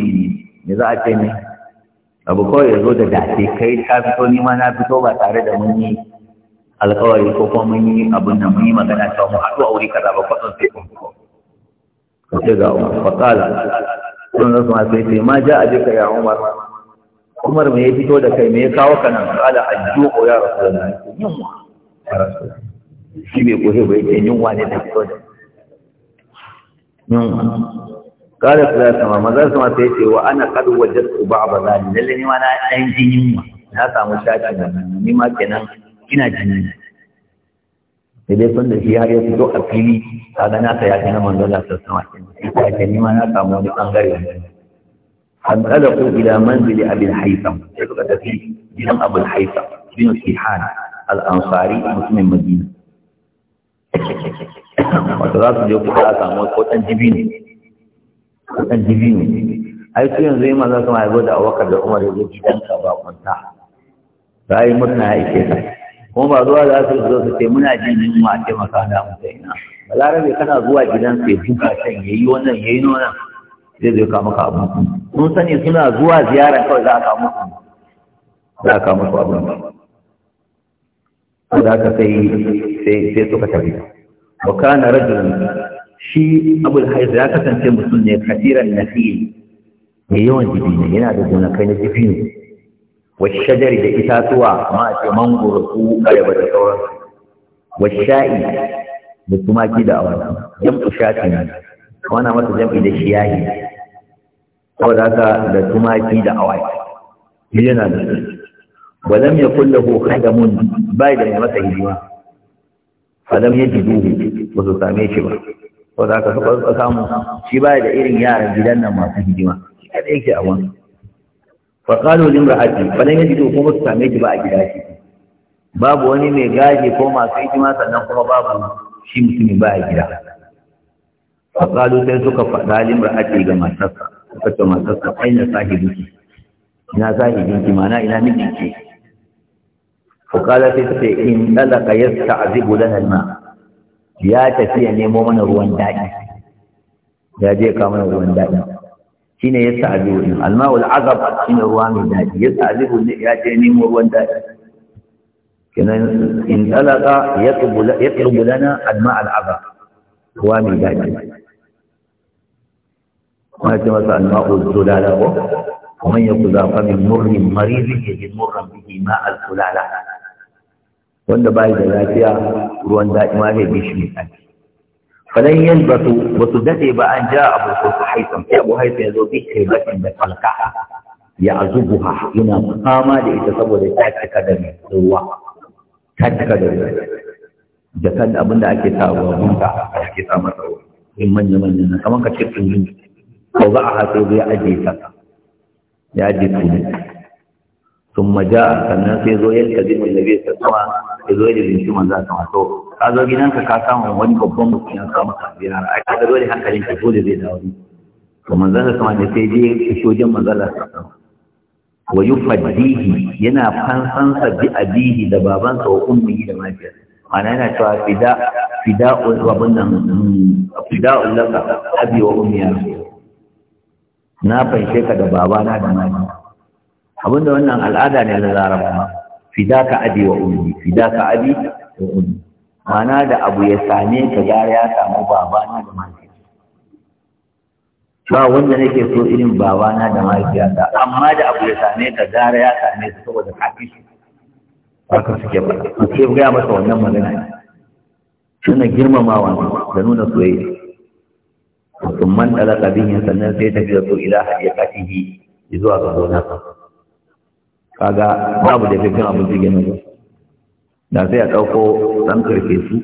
A: ne da za a ce ne abu kawai ya zo da dace kai ta fito ni ma na fito ba tare da mun yi alkawari ko kuma mun yi abin da mun yi magana cewa mu haɗu a wuri kaza ba kwatsan sai kun fito
B: ka ce ga umar faƙala
A: sun zasu ma sai ce ma ja a jika ya umar umar me ya fito da kai me ya kawo ka nan kala ajju'u ya rasulullah yunwa ya rasulullah shi bai kohe bai ce yunwa ne da fito da kai yin kare su zai sama mazan sama ta yake wa ana kaduwa jar uba a baza lalle ne ma na ɗan jinin ma na samu shaƙi na ni ma kenan ina jini ne da dai kun da shi har ya fito a fili ta ga na ta yaƙi na manzan da su sama ke ita ke ni ma na samu wani ɓangare an tsada ku ila manzili abin haifa, sai suka tafi gidan abin haifa, bin sihan al-ansari mutumin madina wato za su je kuka a samu ko ɗan jibi ne ko ɗan jibi ne ai su yanzu yi maza kuma haifar da awakar da umar yanzu ka ba kwanta za a yi murna ya ke ta kuma ba zuwa za su zo su ce muna jin yunwa a taimaka da mu ta ina balarabe kana zuwa su ya buga can ya yi wannan ya yi nonan zai zai kama ka abu sun sani suna zuwa ziyara kawai za a kama su za a kama su abu da aka sai sai suka tafi wa kana rajulan shi abul haiz ya kasance mutum ne kasiran nafi mai yawan jibi ne yana da gonakai na jibi ne wa shajari da itatuwa ma ce mangoro su ayaba da sauransu wa sha'i da tumaki da awaki jam'u shati ne wana masa jam'i da shiyahi saboda haka da tumaki da awaki yana da su ولم يكن له خدم بعد ما تهجوا فلم يجدوه ba su same shi ba ko za ka suka samu shi ba da irin yaran gidan nan masu hidima shi ɗaya yake a wani faƙalo lin ra'aji falan yaji ko kuma su same shi ba a gida shi babu wani mai gaji ko masu hidima sannan kuma babu
B: shi mutumin ba a
A: gida faƙalo sai suka faɗa lin ra'aji ga matarsa suka ce matarsa aina sahibi ina sahibin ki mana ina mijinki in إن طلق azibu da الماء ya tafi ya nemo mana ruwan daɗi ya je ka mana ruwan daɗi shi ne ya sa'adu in alma'ul azab shi ne ruwa mai daɗi ya sa'adu ne ya je nemo ruwan daɗi kenan in talaka ya ƙirbu lana alma'ul azab ruwa mai daɗi kuma ce masa alma'ul zulala ko ومن يكذا فمن marizin ya ji مرا به ماء zulala wanda ba da lafiya ruwan daɗi ma zai bishi mai tsaki falan yalbatu ba su daɗe ba an ja abu ko su haifan sai abu haifan ya zo bi kaibatin da falka ya ha Ina fama da ita saboda ta cika da ruwa ta cika da ruwa da kan abin da ake sa ruwa bunta ake sa masa ruwa in manya manya na kamar ka ce tuni ko za a hatsi zai ajiye ta ya ajiye tuni sun maja sannan sai zo yadda zimin da bai sassuwa ya zo da manzo ka zo gidanka ka samu wani babban mutum ya samu ai ka dole hankalin ka dole zai dawo to manzo sama ne sai manzo sama wa yana fansansa bi abihi da sa wa ummihi da mafiyarsa ma'ana yana cewa fida fida wa nan mm, fida laka abi wa ummi ya na fanshe ka da babana da mali abinda wannan al'ada ne na larabawa fidaka abi wa ummi fidaka abi wa ummi mana da abu ya same ka gara ya samu babana da mahaifiyata ba wanda nake so irin babana da mahaifiyata amma da abu ya same ka gara ya same su saboda kafin su haka suke faɗa ku ce ga masa wannan magana suna girmamawa da nuna soyayya kuma man dalaka bihin sannan sai fi da su ila hadiyatihi zuwa ga zonarsa kaga babu da fikin abinci gina ba da sai a ɗauko ɗan karfe su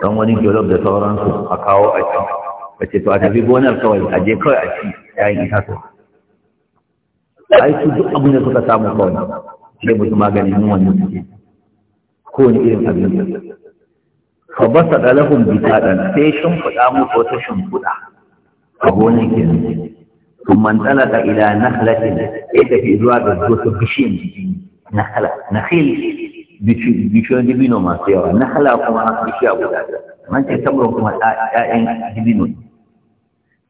A: ɗan wani jolof da sauransu a kawo a ci a ce to a tafi gonar kawai a je kawai a ci yayin a ai su duk abin da suka samu kawai sai musu maganin yin wannan suke wani irin abin
B: sa basa bita ɗan sai shimfiɗa
A: musu wata shimfiɗa a gonar kenan ثم انطلق إلى نخلة إذا في إذواء بذورة بشين نخلة نخيل بشين جبينو ما سيوا نخلة وقم رأس بشياء بذورة من تتمره كما تائن جبينو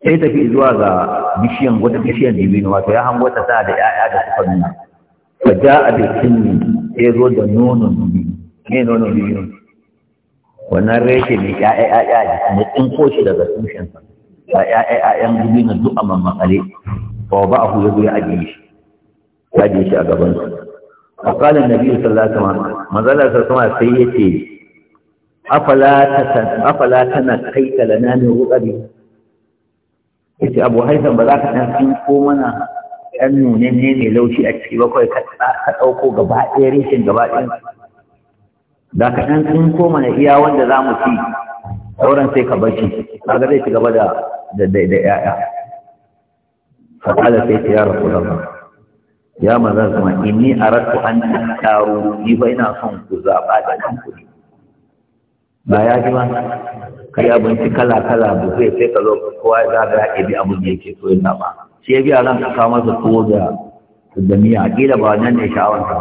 A: إذا في إذواء بشين وقم رأس بشين جبينو ما سيوا وقم رأس بشين جبينو ما سيوا فجاء بالسن إذواء النون النبين نون النبين wannan reshe mai ya'ya ya ya ya ya ya ya ya ya ya ya ya ya ya ya ga ƴaƴan dubinin duk a mammakale fa ba ahu yazo ya ajiye shi ya ajiye shi a gaban su A qala na biyu sallata ma, mazala sallallahu sai yace afala ta afala tana kaita lana min ruqabi ce abu haifan ba za ka ɗan fi ko mana ɗan nunan ne mai laushi a ciki ba kawai ka ɗauko gaba ɗaya reshen gaba ɗaya da ka ɗan tsinko mana iya wanda za mu ci sauran sai ka bashi ga zai ci gaba da da ‘ya'ya faƙala sai ta yara kulama ya maza zama inni a rasu an taro ni bai na son ku zaɓa da kanku ne ba ya ji ba ka yi abinci kala-kala bufe sai ka zo kowa ya zaga ya ɗabi abin da yake so yin ba. shi ya biya ran ka kawo masa tuwo da da miya ƙila ba nan ne sha'awanta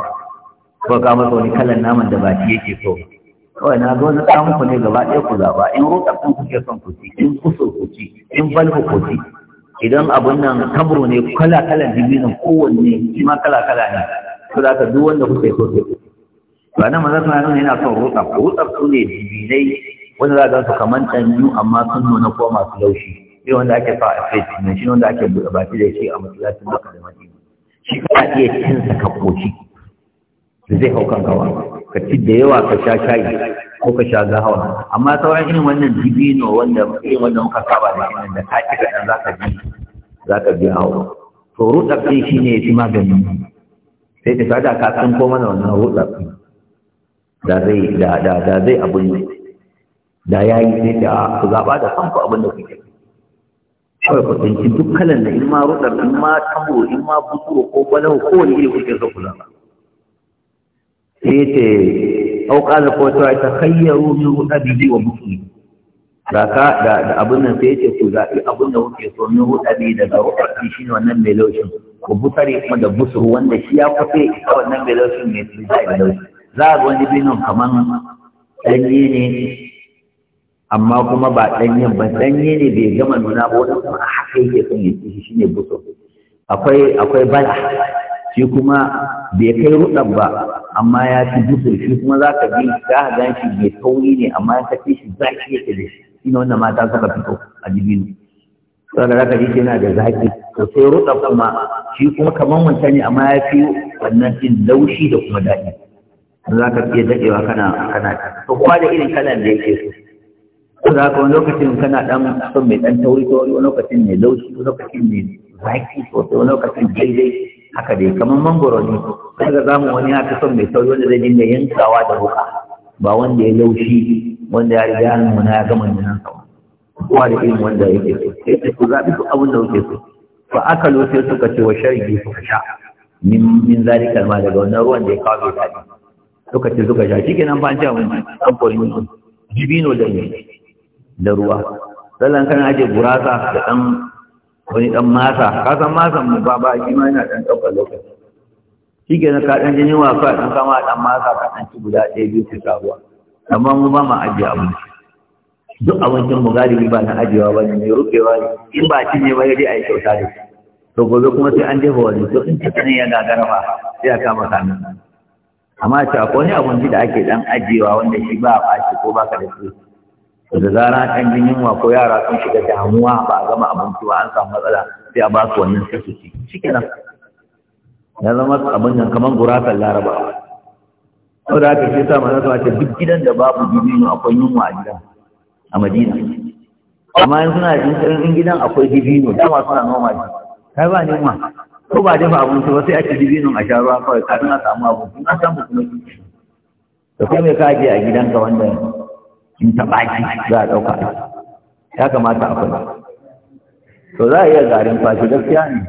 A: ko ka masa wani kalan naman da ba shi yake so ba kawai na zo na samun ne gaba ɗaya ku zaɓa in roƙa kan kuke son kuci in kuso kuci in balka kuci idan abun nan kabro ne kala kala dibinin kowanne shi ma kala kala ne to da ka duk wanda kuke so ku kuci ba na maza suna nuna yana son roƙa roƙa su ne dibinai wanda za ka su kamar ɗanyu amma sun nuna ko masu laushi sai wanda ake sa a fit ne shi wanda ake buɗe baki da shi a masallacin maka da madina shi ka iya cin sa ka koci zai hau kan gawa ka ci da yawa ka sha shayi ko ka sha gahawa amma sauran irin wannan dibino wanda irin wanda muka saba da shi da ka ci kaɗan za ji zaka ji hawa to rutsar ɗin shi ne ya magani sai ta sada ka san ko mana wannan rutsar ɗin da zai da da da zai abun ne da ya yi da ta ah, ku zaba da kanku abin da kuke kawai ku tsinci duk kalan da in ma rutsar in ma tabo in ma buturo ko balau ko wani iri kuke so ku zaɓa sai ce au qala ko ta takhayyaru min abi wa muslim zaka da da abun nan sai ce ku zabi abun da kuke so min abi daga rufi shine wannan mai laushin ko butare kuma da busur wanda shi ya kufe wannan mai laushin ne sai da laushin za a ga wani binin kaman danye ne amma kuma ba ɗanyen ba ɗanye ne bai gama nuna ba wani kuma haka yake son ya ci shi ne buso akwai akwai bala shi kuma bai kai ruɗan ba amma ya fi dubu shi kuma za ka bi za ka gan shi mai tauri ne amma ya ce shi ki yake da shi shi ne wanda mata suka fito a dibino da za ka ji yana da zaki to sai ruɗa kuma shi kuma kamar wancan ne amma ya fi wannan ɗin laushi da kuma daɗi za ka fiye daɗewa kana kana to kowa da irin kalan da yake so ko za ka wani lokacin kana ɗan son mai ɗan tauri tauri wani lokacin mai laushi wani lokacin mai zaki sosai wani lokacin daidai haka dai kamar mangoro ne kaga zamu wani ya fi son mai sauri wanda zai dinga yankawa da ruka ba wanda ya laushi wanda ya riga an muna ya gama nan sa kowa da irin wanda yake so sai ku zabi su abin da kuke so fa aka sai suka ce wa sharri suka sha min min zalikal ma daga wannan ruwan da ya kawo bai daɗi suka ce suka sha shikenan ba an ci abinci an kori ni, jibino da ne da ruwa sallan kana aje gurasa da ɗan wani ɗan masa ka san mu ba ba shi ma yana ɗan ɗaukar lokaci shi ke na kaɗan jini wa ka ɗan kama ɗan masa ka ɗan ci guda ɗaya biyu ka ruwa amma mu ba ma ajiye abinci duk abincin mu galibi ba na ajiyewa ba ne mai rufewa ne in ba ci ne ba ya dai a yi kyauta da shi to gobe kuma sai an jefa wani to in ci ne ya ga ba sai a kama kamin amma ce akwai wani abinci da ake ɗan ajiyewa wanda shi ba a ɓaci ko ba ka da su da zara an jin yunwa ko yara sun shiga damuwa ba a gama abinci ba an samu matsala sai a ba su wannan sai ci shi kenan ya zama abin nan kamar gurasar laraba ko da aka ce sa mana zuwa ce duk gidan da babu dibino akwai yunwa a gidan a madina amma in suna in gidan akwai dibino dama suna noma shi kai ba yunwa ko ba dafa abinci ba sai ake dibinon a sha ruwa kawai kafin a samu abinci na samu kuma da kuma ka je a gidanka wanda in ta baki za a ɗauka ya kamata a kula to za a iya garin fashi gaskiya ne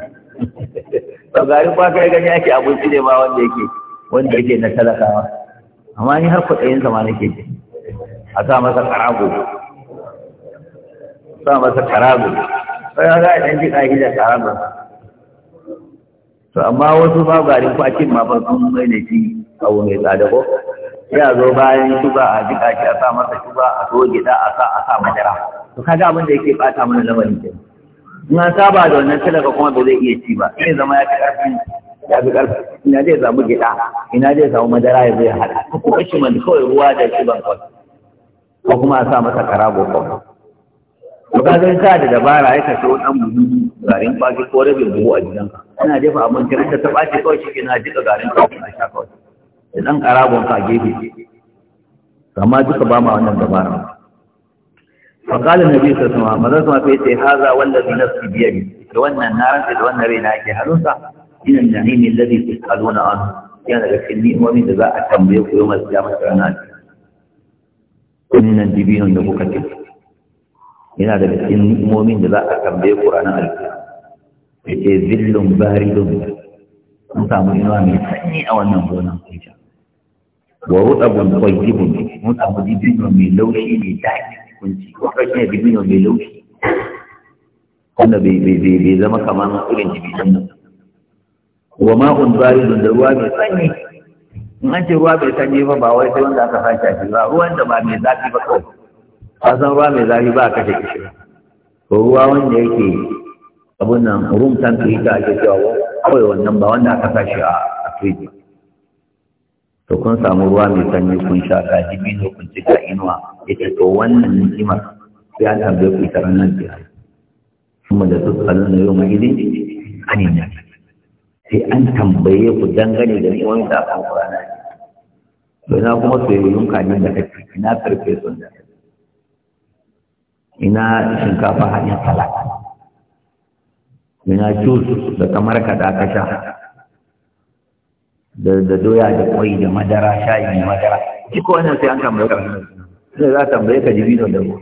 A: to garin fashi ya gani ake abinci ne ma wanda yake wanda yake na talakawa amma ni har kuɗayen sama nake ji a sa masa karago sa masa karago ya za a ɗan ji ɗaki da karago to amma wasu ba garin fashin ma ba sun mai da shi abu mai tsada ko ya zo bayan shuga a jiƙa shi a sa masa shuga a so gida a sa a sa madara to kaga abin da yake bata mana lamarin ke in an saba da wannan talaka kuma ba zai iya ci ba sai zama ya fi ƙarfin ya fi ƙarfin ina zai samu gida ina zai samu madara ya zai haɗa ko kuma shi man kawai ruwa da shi ban kawai ko kuma a sa masa karago kawai to ka zai sa da dabara ya kashe wani buhu garin kwaki ko rabin buhu a gidanka ina jefa abin kiran da ta ɓace kawai shi ke na jiƙa garin kwaki a sha kawai da ɗan ƙaragon ka gefe amma duka ba ma wannan dabara faƙali na biyu sassan ma mazan sama fai sai haza wanda zai nasu da wannan na rantsa da wannan rai na ake halunsa. ina nahimin ladi su kalu na an yana daga cikin min da za a tambaye ku yau masu jami'a rana ce kunnan dibinon da kuka ce yana daga cikin ni'imomin da za a tambaye ku ranar alƙiyama ya ce zillun baridun mun samu inuwa mai tsaye ne a wannan gonan kuka wa rutabun tayyibun rutabun dibino mai laushi mai daɗi kunci ko kashi dibino mai laushi wanda bai bai bai bai zama kamar irin dibinon nan wa kun bari da ruwa mai sanyi in an ce ruwa mai sanyi ba ba wai sai wanda aka sace shi ba ruwan da ba mai zafi ba kawai ka san ruwa mai zafi ba a kashe kishi ko ruwa wanda yake abun nan room temperature ake cewa kawai wannan ba wanda aka sace a riji to kun samu ruwa mai sanyi kun sha ga dibino kun ci inuwa ita to wannan sai ya tambaye ku ita ranar biyar kuma da su tsanin na yau mai idin ani na sai an tambaye ku dangane da wani da aka kura na kuma na kuma soyayyun kanin da kake ina karfe sun da ina shinkafa hanyar talaka ina cus da kamar kaɗa ka sha da doya da kwai da madara shayi da madara ko wannan sai an tambaye ka sai za tambaye ka dibino da mu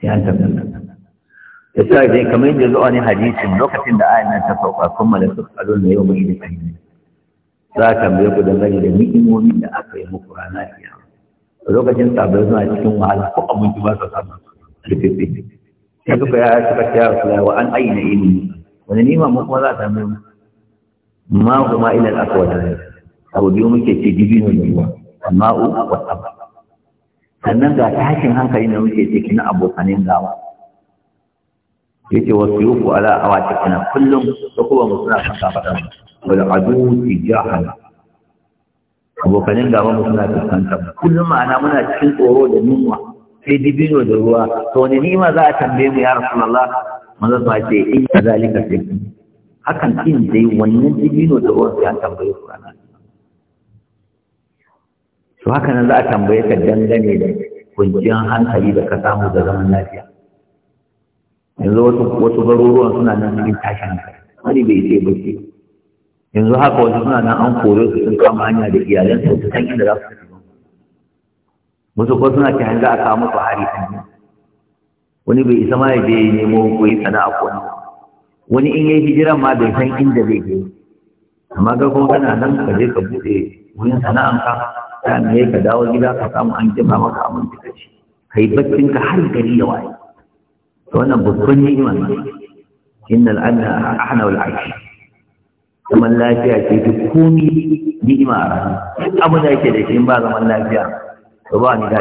A: sai an tambaye ka sai dai kamar yadda zuwa ne hadisin lokacin da ayyana nan ta sauka kun malaka alun da yau mai da za a tambaye ku dangane da ni'imomin da aka yi muku rana ya lokacin sabai suna cikin wahala ko abinci ba su samu rufe sai suka ya suka ya wa an ayyana ilimi wani nima mu kuma za a tambaye mu ma kuma ila al-aswad abu biyu muke ce dibino ne ruwa ma'u wa tsaba sannan ga tashin hankali ne muke ce kina abokanin gawa yace wasu yufu ala awatikina kullum ko kuma mu suna kan kafadan wal adu tijahana abokanin gawa mu suna fuskantar kullum ma'ana muna cikin tsoro da nunwa sai dibino da ruwa to wani nima za a tambaye mu ya rasulullah manzo ba ce in kazalika sai hakan din dai wannan dibino da ruwan ya tambaye ku ranar to haka nan za a tambaye ka dangane da kwanciyar hankali da ka samu da zaman lafiya yanzu wasu garuruwan suna nan cikin tashin hankali wani bai ce yanzu haka wasu suna nan an kore su sun kama hanya da iyalan su su san inda za su tafi wasu ko suna cewa za a kawo musu hari wani bai isa ma ya je nemo koyi sana'a ko wani wani in yi hijiran ma bai san inda zai je amma ga kuma kana nan ka je ka buɗe wurin sana'anka ta ne ka dawo gida ka samu an jima maka abinci ka ci kai yi baccin ka har gari ya waye to wannan babban ni'ima ne innal anna ahna wal aish zaman lafiya ce duk komi ni'ima a rana abu da yake da shi ba zaman lafiya to ba ni da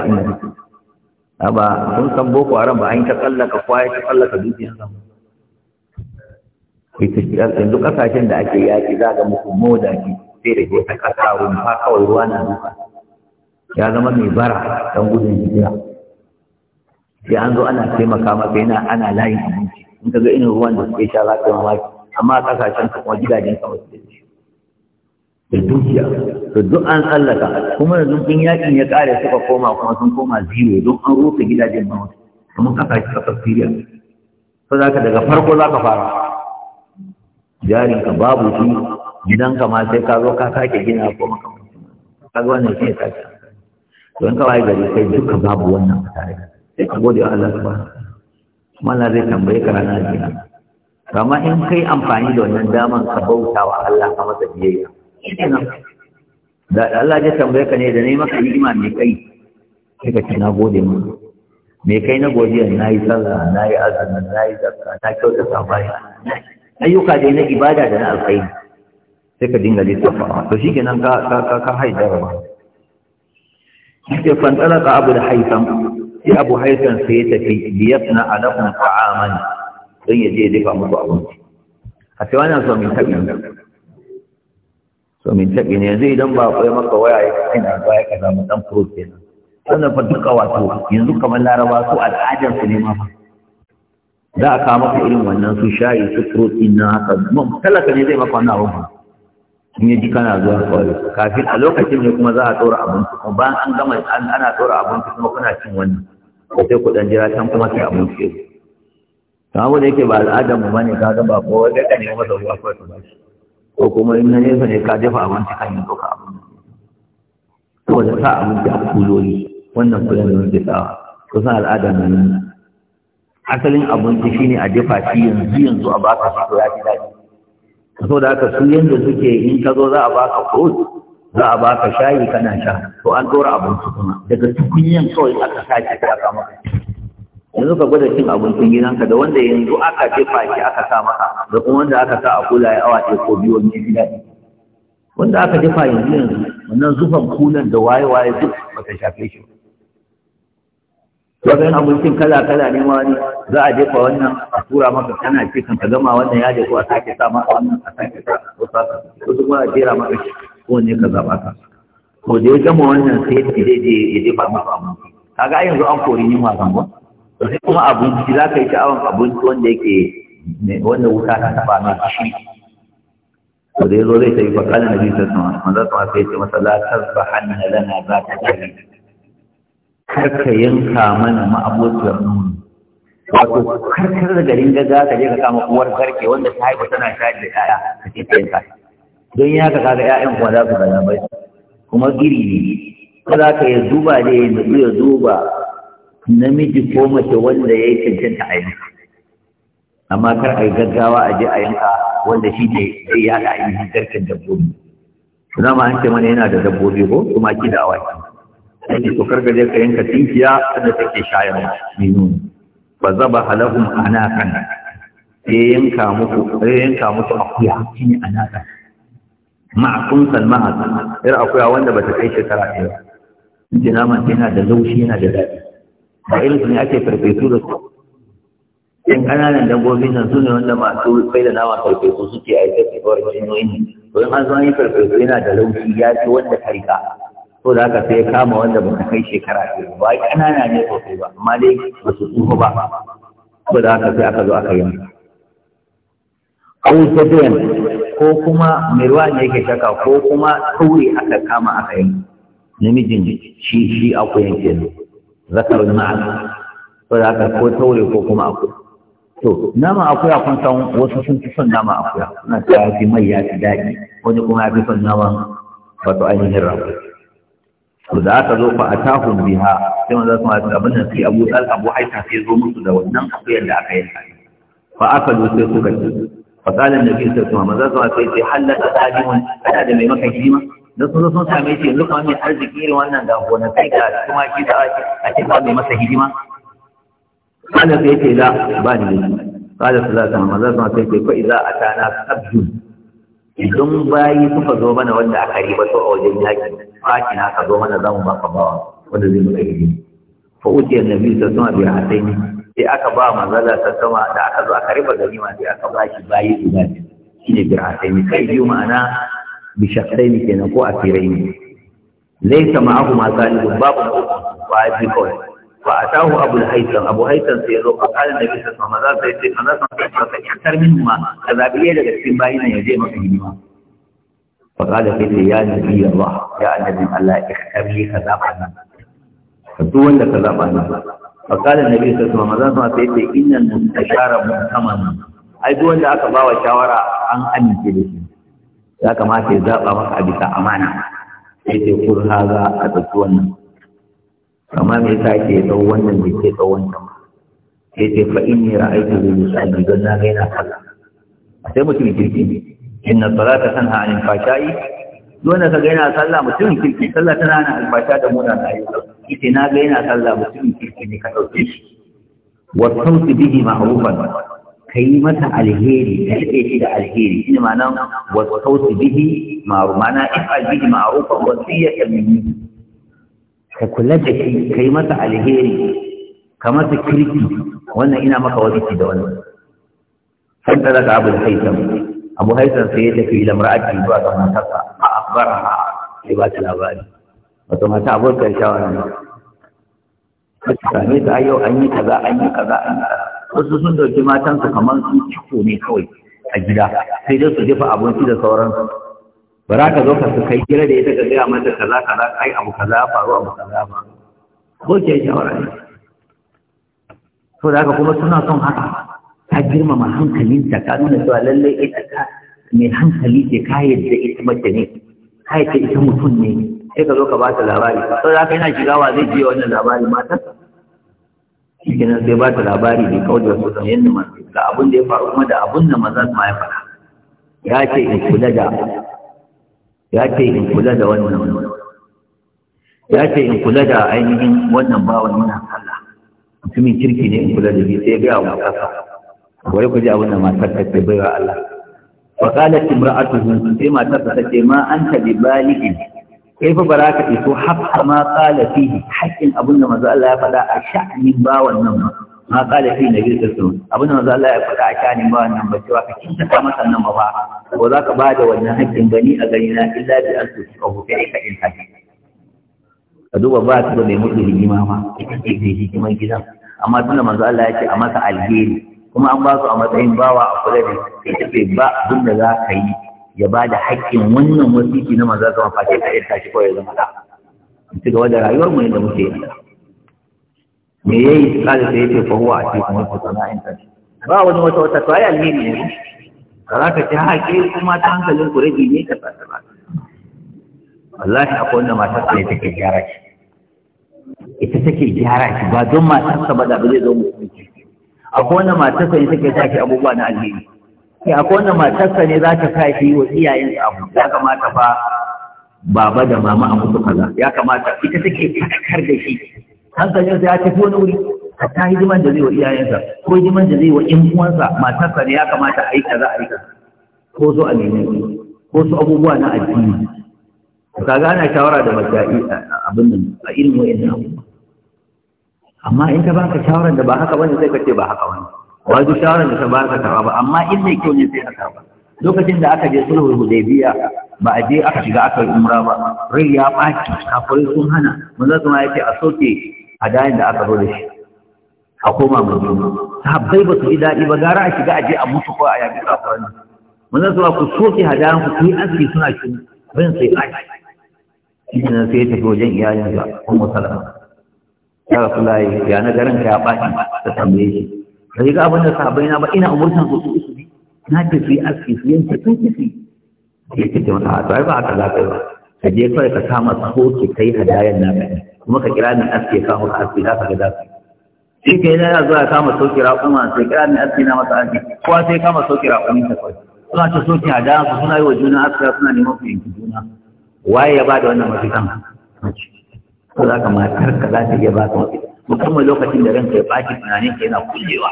A: da ba sun san boko haram ba an ta tsallaka kwaya ta tsallaka dukiyan zama yanzu kasashen da ake yaƙi za ga muku moda ki sai da ke ta ƙasa rumfa kawai ruwa na duka ya zama mai bara don gudun hijira sai an zo ana taimaka maka yana ana layin abinci in ka ga irin ruwan da suke sha za ka mamaki amma kasashen ka kuma gidajen ka wasu da dukiya to duk an tsallaka kuma yanzu in yaƙin ya ƙare suka koma kuma sun koma zero don an rufe gidajen ba wasu kuma kasashe ka Siriya. Sau za ka daga farko za ka fara jarin ka babu shi gidan ka ma sai ka zo ka sake gina ko makamancin ka ga wannan shi ne sake to in ka wai gari sai duka babu wannan tare sai ka gode wa Allah subhanahu wataala zai tambaye ka ranar gina amma in kai amfani da wannan daman ka bauta wa Allah ka masa biyayya da Allah ya tambaye ka ne da nayi maka ni'ima mai kai sai ka ce na gode mu mai kai na godiya na yi sallah na yi azumi na yi zakka na kyauta sabani ayyuka dai na ibada da na alkhairi sai ka dinga littafawa. to shi kenan ka ka ka haidara ba sai fantsala ka abu da haifan sai abu haifan sai ya tafi liyasna alakun ta'aman don ya je ya dafa musu abinci a sai wannan so min ne so min tabi ne yanzu idan ba kwai maka waya ya na ba ya kaza mu dan furo kenan sannan fa duka wato yanzu kamar laraba su al'adar su ne ma fa za a kawo maka irin wannan su shayi su tsotsi na haka talaka ne zai maka wannan abubuwa sun yi ji kana zuwa kwari kafin a lokacin ne kuma za a tsora abinci kuma bayan an gama ana tsora abinci kuma kuna cin wannan sai ku jira can kuma sai abinci ya zo kamar da yake ba al'adar mu bane ka ga ba ko wai daga ne masa ruwa kawai ta bashi ko kuma in na nesa ne ka jefa abinci kan yin ɗauka abinci da sa abinci a kuloli wannan kulan da muke sawa kusan al'adar mu ne asalin abinci ne a dafa shi yanzu yanzu a baka shi to ya fi daɗi so da haka su yanda suke in ka zo za a baka kod za a baka shayi kana sha to an ɗora abinci kuma daga tukunyan kawai aka shi ka sa maka yanzu ka gwada cin abincin gidanka da wanda yanzu aka dafa shi aka sa maka da kuma wanda aka sa a kula ya awa ɗaya ko biyu wani daɗi, wanda aka dafa yanzu yanzu wannan zufan kunan da waye waye duk ba ta shafe shi ba wajen abincin kala-kala ne ma wani za a jefa wannan a tura maka kana cikin ka gama wannan ya jefa a sake sa maka wannan a sake sa wasu ko wasu kuma a jera maka shi ko ne ka zaɓa ka ko da ya gama wannan sai ya je da ya jefa maka abinci kaga ga yanzu an kori ni wasan ba to sai kuma abinci za ka yi sha'awan abinci wanda yake wanda wuta ta taɓa mai shi ko da ya zo zai tafi na da bisa sama manzon sama sai ya ce masa la tasbahanna lana za ta tafi. karka yanka mana ma'abociyar nuna wato karkar da garin gaza ka je ka kama uwar karke wanda ta haifa tana shaji da yaya ka ce ta yanka don ya ka kaga yayan kuma za su gaza bai kuma giri ne ka za ka ya zuba ne ya nutsu ya zuba namiji ko mace wanda ya yi cancanta a yanka amma kar a yi gaggawa a je a yanka wanda shi ne zai yaɗa ainihin garken dabbobi. Sunama an ce mana yana da dabbobi ko kuma ki da awaki. sai to kargaje ka yanka tinkiya da take shayarwa Ba fa halahun ana kan ya yanka muku ya yanka muku akuya ana kan ma'akun salmahas Yar akuya wanda ba ta kai shekara ɗaya ba inji naman yana da laushi yana da daɗi ba irin su ne ake farfesu da su yan ƙananan dangobin nan su ne wanda masu bai da nama farfesu suke aikata kawai cinyoyi ne to yin an zo an yi farfesu yana da laushi ya ce wanda karika ko da aka sai kama wanda ba ka kai shekara ce ba ƙanana ne sosai ba amma dai ba su tsufa ba ko da aka sai aka zo aka yi au biyan ko kuma mai ruwa ne yake shaka ko kuma kauri aka kama aka yi namijin shi shi akwai yanke ne zakarun ma'ana ko da aka ko taure ko kuma akwai to nama akuya kun san wasu sun fi son nama akuya suna ta fi mai ya fi daɗi wani kuma ya fi son nama wato ainihin rabu to da aka zo fa atahum biha sai manzo kuma abin nan sai Abu Dal Abu Aisha sai zo musu da wannan akuyar da aka yi fa aka zo sai suka ci fa qala annabi sallallahu kuma wasallam manzo kuma sai ce halal sadimun ana da mai maka kima da sun zo sun same shi yanzu kuma mai arziki irin wannan da gona sai ga kuma shi da a ce ba mai masa hidima
B: Allah sai ce la ba ni da
A: shi qala sallallahu alaihi wasallam manzo kuma sai ce fa idza atana sabjun idan bayi suka zo mana wanda aka yi ba to a wajen yaki na aka zo mana zamu baka bawa wanda zai muka yi fa uti annabi sallallahu alaihi wasallam bi sai aka ba manzala ta sama da aka zo aka riba ganima sai aka ba shi bayi bi hataini kai biyu ma'ana bi shakhsaini kenan ko asirai ne laysa ma'ahu ma salihu babu ko ba bi fa'atahu abu haitan abu haitan sai zo a kalin da bisa sama za ta yi sai fana san ka ka kyantar min ma ka zaɓi yadda da cikin bayi ya je maka hidima fa kada kai ya nabi Allah ya annabi Allah ikhtar li ka zaɓa nan ka duk wanda ka zaɓa nan fa kada nabi sai sama maza sama sai sai innan mustashara muhtaman ai duk wanda aka bawa shawara an amince da shi ya kamata ya zaɓa maka a amana sai sai kurhaza a tsakiyar amma me yasa ke dau wannan da ke tsawon wannan sai ce fa inni ra'aytu bi musalli don na ga yana A sai mutum kirki ne inna ta tanha anil fashai dole ka ga yana sallah mutum kirki sallah tana hana albasha da muna da ayyuka ita na ga yana sallah mutum kirki ne ka dauke shi wa sauti bihi Ka yi mata alheri ka rike shi da alheri shine ma'anar wa sauti bihi ma'ruf ma'ana ifal bihi ma'rufan wasiyatan minni ka kula da shi ka yi masa alheri ka masa kirki wannan ina maka wazifi da wannan Sun tsara ga abu haitam abu haitam sai ya tafi ila mar'ati zuwa ga matarsa a akbara sai ba ta labari wato mata abokan shawara ne kasu same ta yau an yi kaza an yi kaza an yi kaza wasu sun dauki matansu kamar su ciko ne kawai a gida sai dai su jefa abinci da sauransu ba za ka zo ka kai kira da ita ka gaya mata kaza kaza ai abu kaza faru abu kaza ba ko ke shawara ne to da haka kuma suna son haka ta girmama hankalinta ta nuna cewa lallai ita ta mai hankali ce ka yadda ita mace ne ka yadda ita mutum ne sai ka zo ka ba ta labari to da haka yana shiga wa zai jiya wannan labari matar shi kenan sai ba ta labari ne kawai da sosan yadda masu ga abin da ya faru kuma da abin da maza ma ya faɗa ya ce in kula da ya ce in kula da wannan ya ce in kula da ainihin wannan bawan yana sallah mutumin kirki ne in kula da shi sai gaya wa kasa wai ku ji abin da matar ta ce baiwa Allah fa qalat imra'atuhu sai matar ta ce ma anta bi baliki kai fa baraka ko hafsa ma qala fihi hakkin abin da manzo Allah ya faɗa a sha'anin bawan nan ma kala fi na girka su abin da manzo Allah ya faɗa a shanin ba wannan ba cewa ka kinta ta masa nan ba ko za ka ba da wannan haƙƙin gani a gani na illa bi an tuki ka hukai ka in haƙƙi ka duba ba su da mai mutu rigima ma ita ce zai hikiman gidan amma tun da manzo Allah ya ce a masa alheri kuma an ba su a matsayin bawa a kula da ita ce ba abin da za ka yi ya ba da haƙƙin wannan wasiki na maza Allah ya fashe ka in tashi ya zama da ci gaba da rayuwar mu yadda muke yi me ya yi yayi da ya ce fa huwa su wa yin tashi ba wani wata wata to yi alheri ne ka za ka ci haƙe kuma ta hankalin ku rage ne ka ta. ba wallahi akwai wanda matar ta take gyara shi ita take gyara shi ba don matarsa ba da ba zai zo mutum ki akwai wanda matarsa ne take sa shi abubuwa na alheri A akwai wanda matarsa ne za ta sa shi wa iyayen abu ya kamata fa baba da mama a mutu kaza ya kamata ita take faɗakar da shi hankalinsa ya tafi wani wuri a ta hidiman da zai wa iyayensa ko hidiman da zai wa ƴan uwansa matarsa da ya kamata a yi za a yi kaza ko su addini ko su abubuwa na addini kaga ana shawara da mace abin nan a irin wa'annan abubuwa amma in ta baka shawaran da ba haka bane sai ka ce ba haka bane ba duk shawaran da ta baka karba ba amma in mai kyau ne sai ka karba lokacin da aka je sulhul hudaybiya ba a je aka shiga aka yi umra ba rai ya baki kafirai sun hana manzo kuma yace a soke hadayen da aka zo da shi a koma mai sahabbai ba su ji daɗi ba gara a shiga aje a mutu ko a yaƙi kafaran wannan suna ku soke hadayen ku yi aski suna shi rin sai ɓaci shi ne sai ya tafi wajen iyalinsa kuma salama ya rasu layi ya na garin ka ya ɓaci ta tambaye shi sai ga abin da sahabbai na ba ina umurtan su su bi? na ce su yi aski su yin ta ki su ya ce ta mata a ba haka za ka yi ba ka je kawai ka ko soke kai hadayen na ka ne kuma ka kira ni aske ka hau aske za ka da za ka shi ke yana zuwa kama sauki kuma sai kira ni aske na masa aske kowa sai kama sauki kuma ta kawai suna ta soki a da su suna yi wa juna aske suna neman fahimci juna waye ya ba da wannan mafitan ko za ka har ka za ta iya ba ka Mu musamman lokacin da ranka ya baki tunanin ka yana kullewa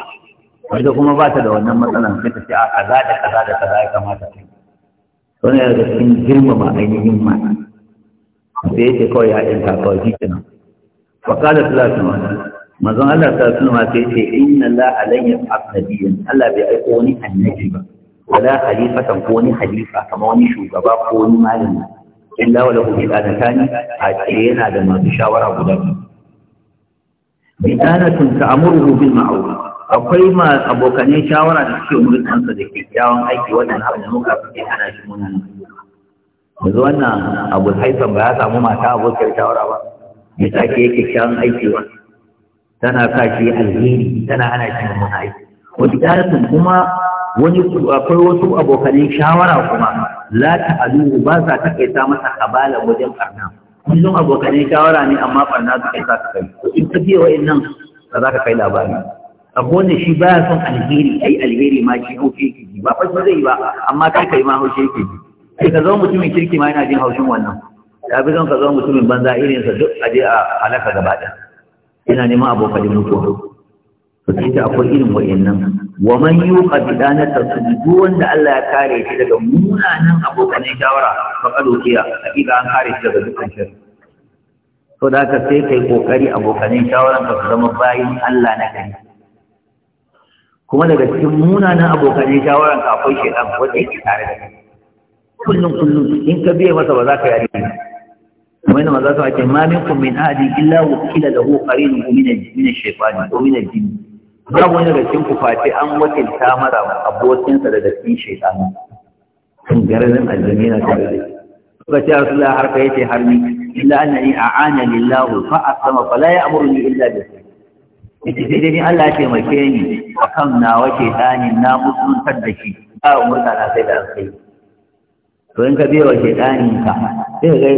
A: wanda kuma ba ta da wannan matsalan sai ta ce a kaza da kaza da kaza ya kamata ta yi wani daga cikin girmama ainihin mata sai ya ce kawai ya yanta kawai shi kenan fa qala sallallahu alaihi manzon Allah sallallahu alaihi wasallam sai ce inna la alayya nabiyyan Allah bai aiko wani annabi ba wala Halifatan ko wani halifa kama wani shugaba ko wani malami illa wala hu bi'anatani a ce yana da masu shawara guda biyu bi'anatun ta'muruhu bil ma'ruf akwai ma abokanai shawara da suke umurtansa da kyakkyawan aiki wannan abu da muka fi ana shi munanan yanzu wannan abu haifan ba ya samu mata abokiyar shawara ba ya ke yake shan aiki ba tana sa shi alheri tana hana shi mana aiki wata ƙarfin kuma wani akwai wasu abokanin shawara kuma la ta'aluhu ba sa ta masa kabala wajen barna kullum abokanin shawara ne amma barna su kai sa su kai in ka biya nan? ba za ka kai labari akwai wanda shi baya son alheri ai alheri ma shi haushe yake ji ba fa zai yi ba amma kai kai ma haushe yake ji sai ka zama mutumin kirki ma yana jin haushin wannan ya fi zan ka zama mutumin banza irinsa duk aje a halaka gaba ɗaya yana neman abokanin mutuwa to sai ta akwai irin wa'annan wa man yuqa na danata duk wanda Allah ya kare shi daga munanan abokan shawara fa kadokiya hakika an kare shi daga dukkan shirri to da haka sai kai kokari abokan shawaran ka su zama bayin Allah na gani. kuma daga cikin munanan abokan shawaran ka akwai shedan wanda yake tare da kai kullum kullum in ka biye masa ba za ka yi aiki kamar yadda maza su ake ma minkum min ahadi illa da wukila lahu qarinun min ash-shaytani ko min al-jinn babu wani daga cikin ku face an wakilta mara abokinsa daga cikin shaytani sun garin aljanna yana tare da shi suka ce rasu da harka ya ce ni, illa annani a'ana lillahu fa aslama fala ya'muruni illa bi yace sai dai Allah ya taimake ni akan nawa ke dani na mutuntar da shi ba umurta na sai da kai. to in ka biya wa shaitanin ka sai ga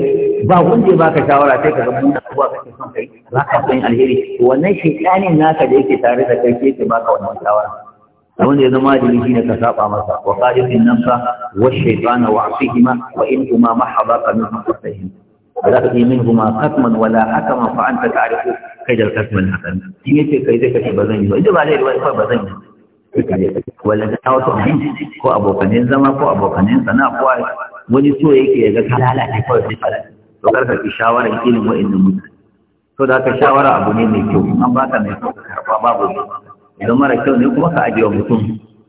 A: ba wanda ba ka shawara sai ka ga mun da kuwa kake son kai Za ka son alheri wannan shaitanin naka da yake tare da kai ka baka wannan shawara abin da ya zama wajibi shine ka saba masa wa qalifin nafsa wa shaytana wa asihima wa in kuma mahabaka min fastahim ala fi minhuma qatman wala hakama fa anta ta'rifu kaydal qatman hakan shi yake kai zai kace bazan yi ba idan ba zai ba zan yi wala ta of him ko abokanin zama ko abokanin sana ko wani so yake ya ga ka lalace kawai sai ka to karka ki shawara ilimin wa'annan mutane to da ka shawara abu ne mai kyau an baka mai kyau babu idan mara kyau ne kuma ka ajiye wa mutum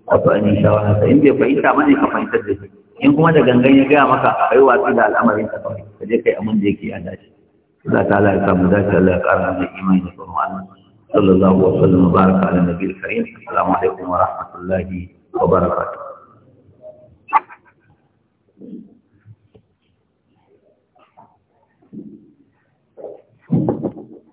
A: wato ainihin shawara sa in bai fahimta ba ne ka fahimtar da shi in kuma da gangan ya gaya maka kai watsi da al'amarin ka kawai ka je kai abin da yake ya dace Allah ta'ala ya samu dace Allah ya ƙara mana imani da tsoron Allah sallallahu wa sallam baraka ala nabiyil karim assalamu alaikum wa rahmatullahi wa barakatuh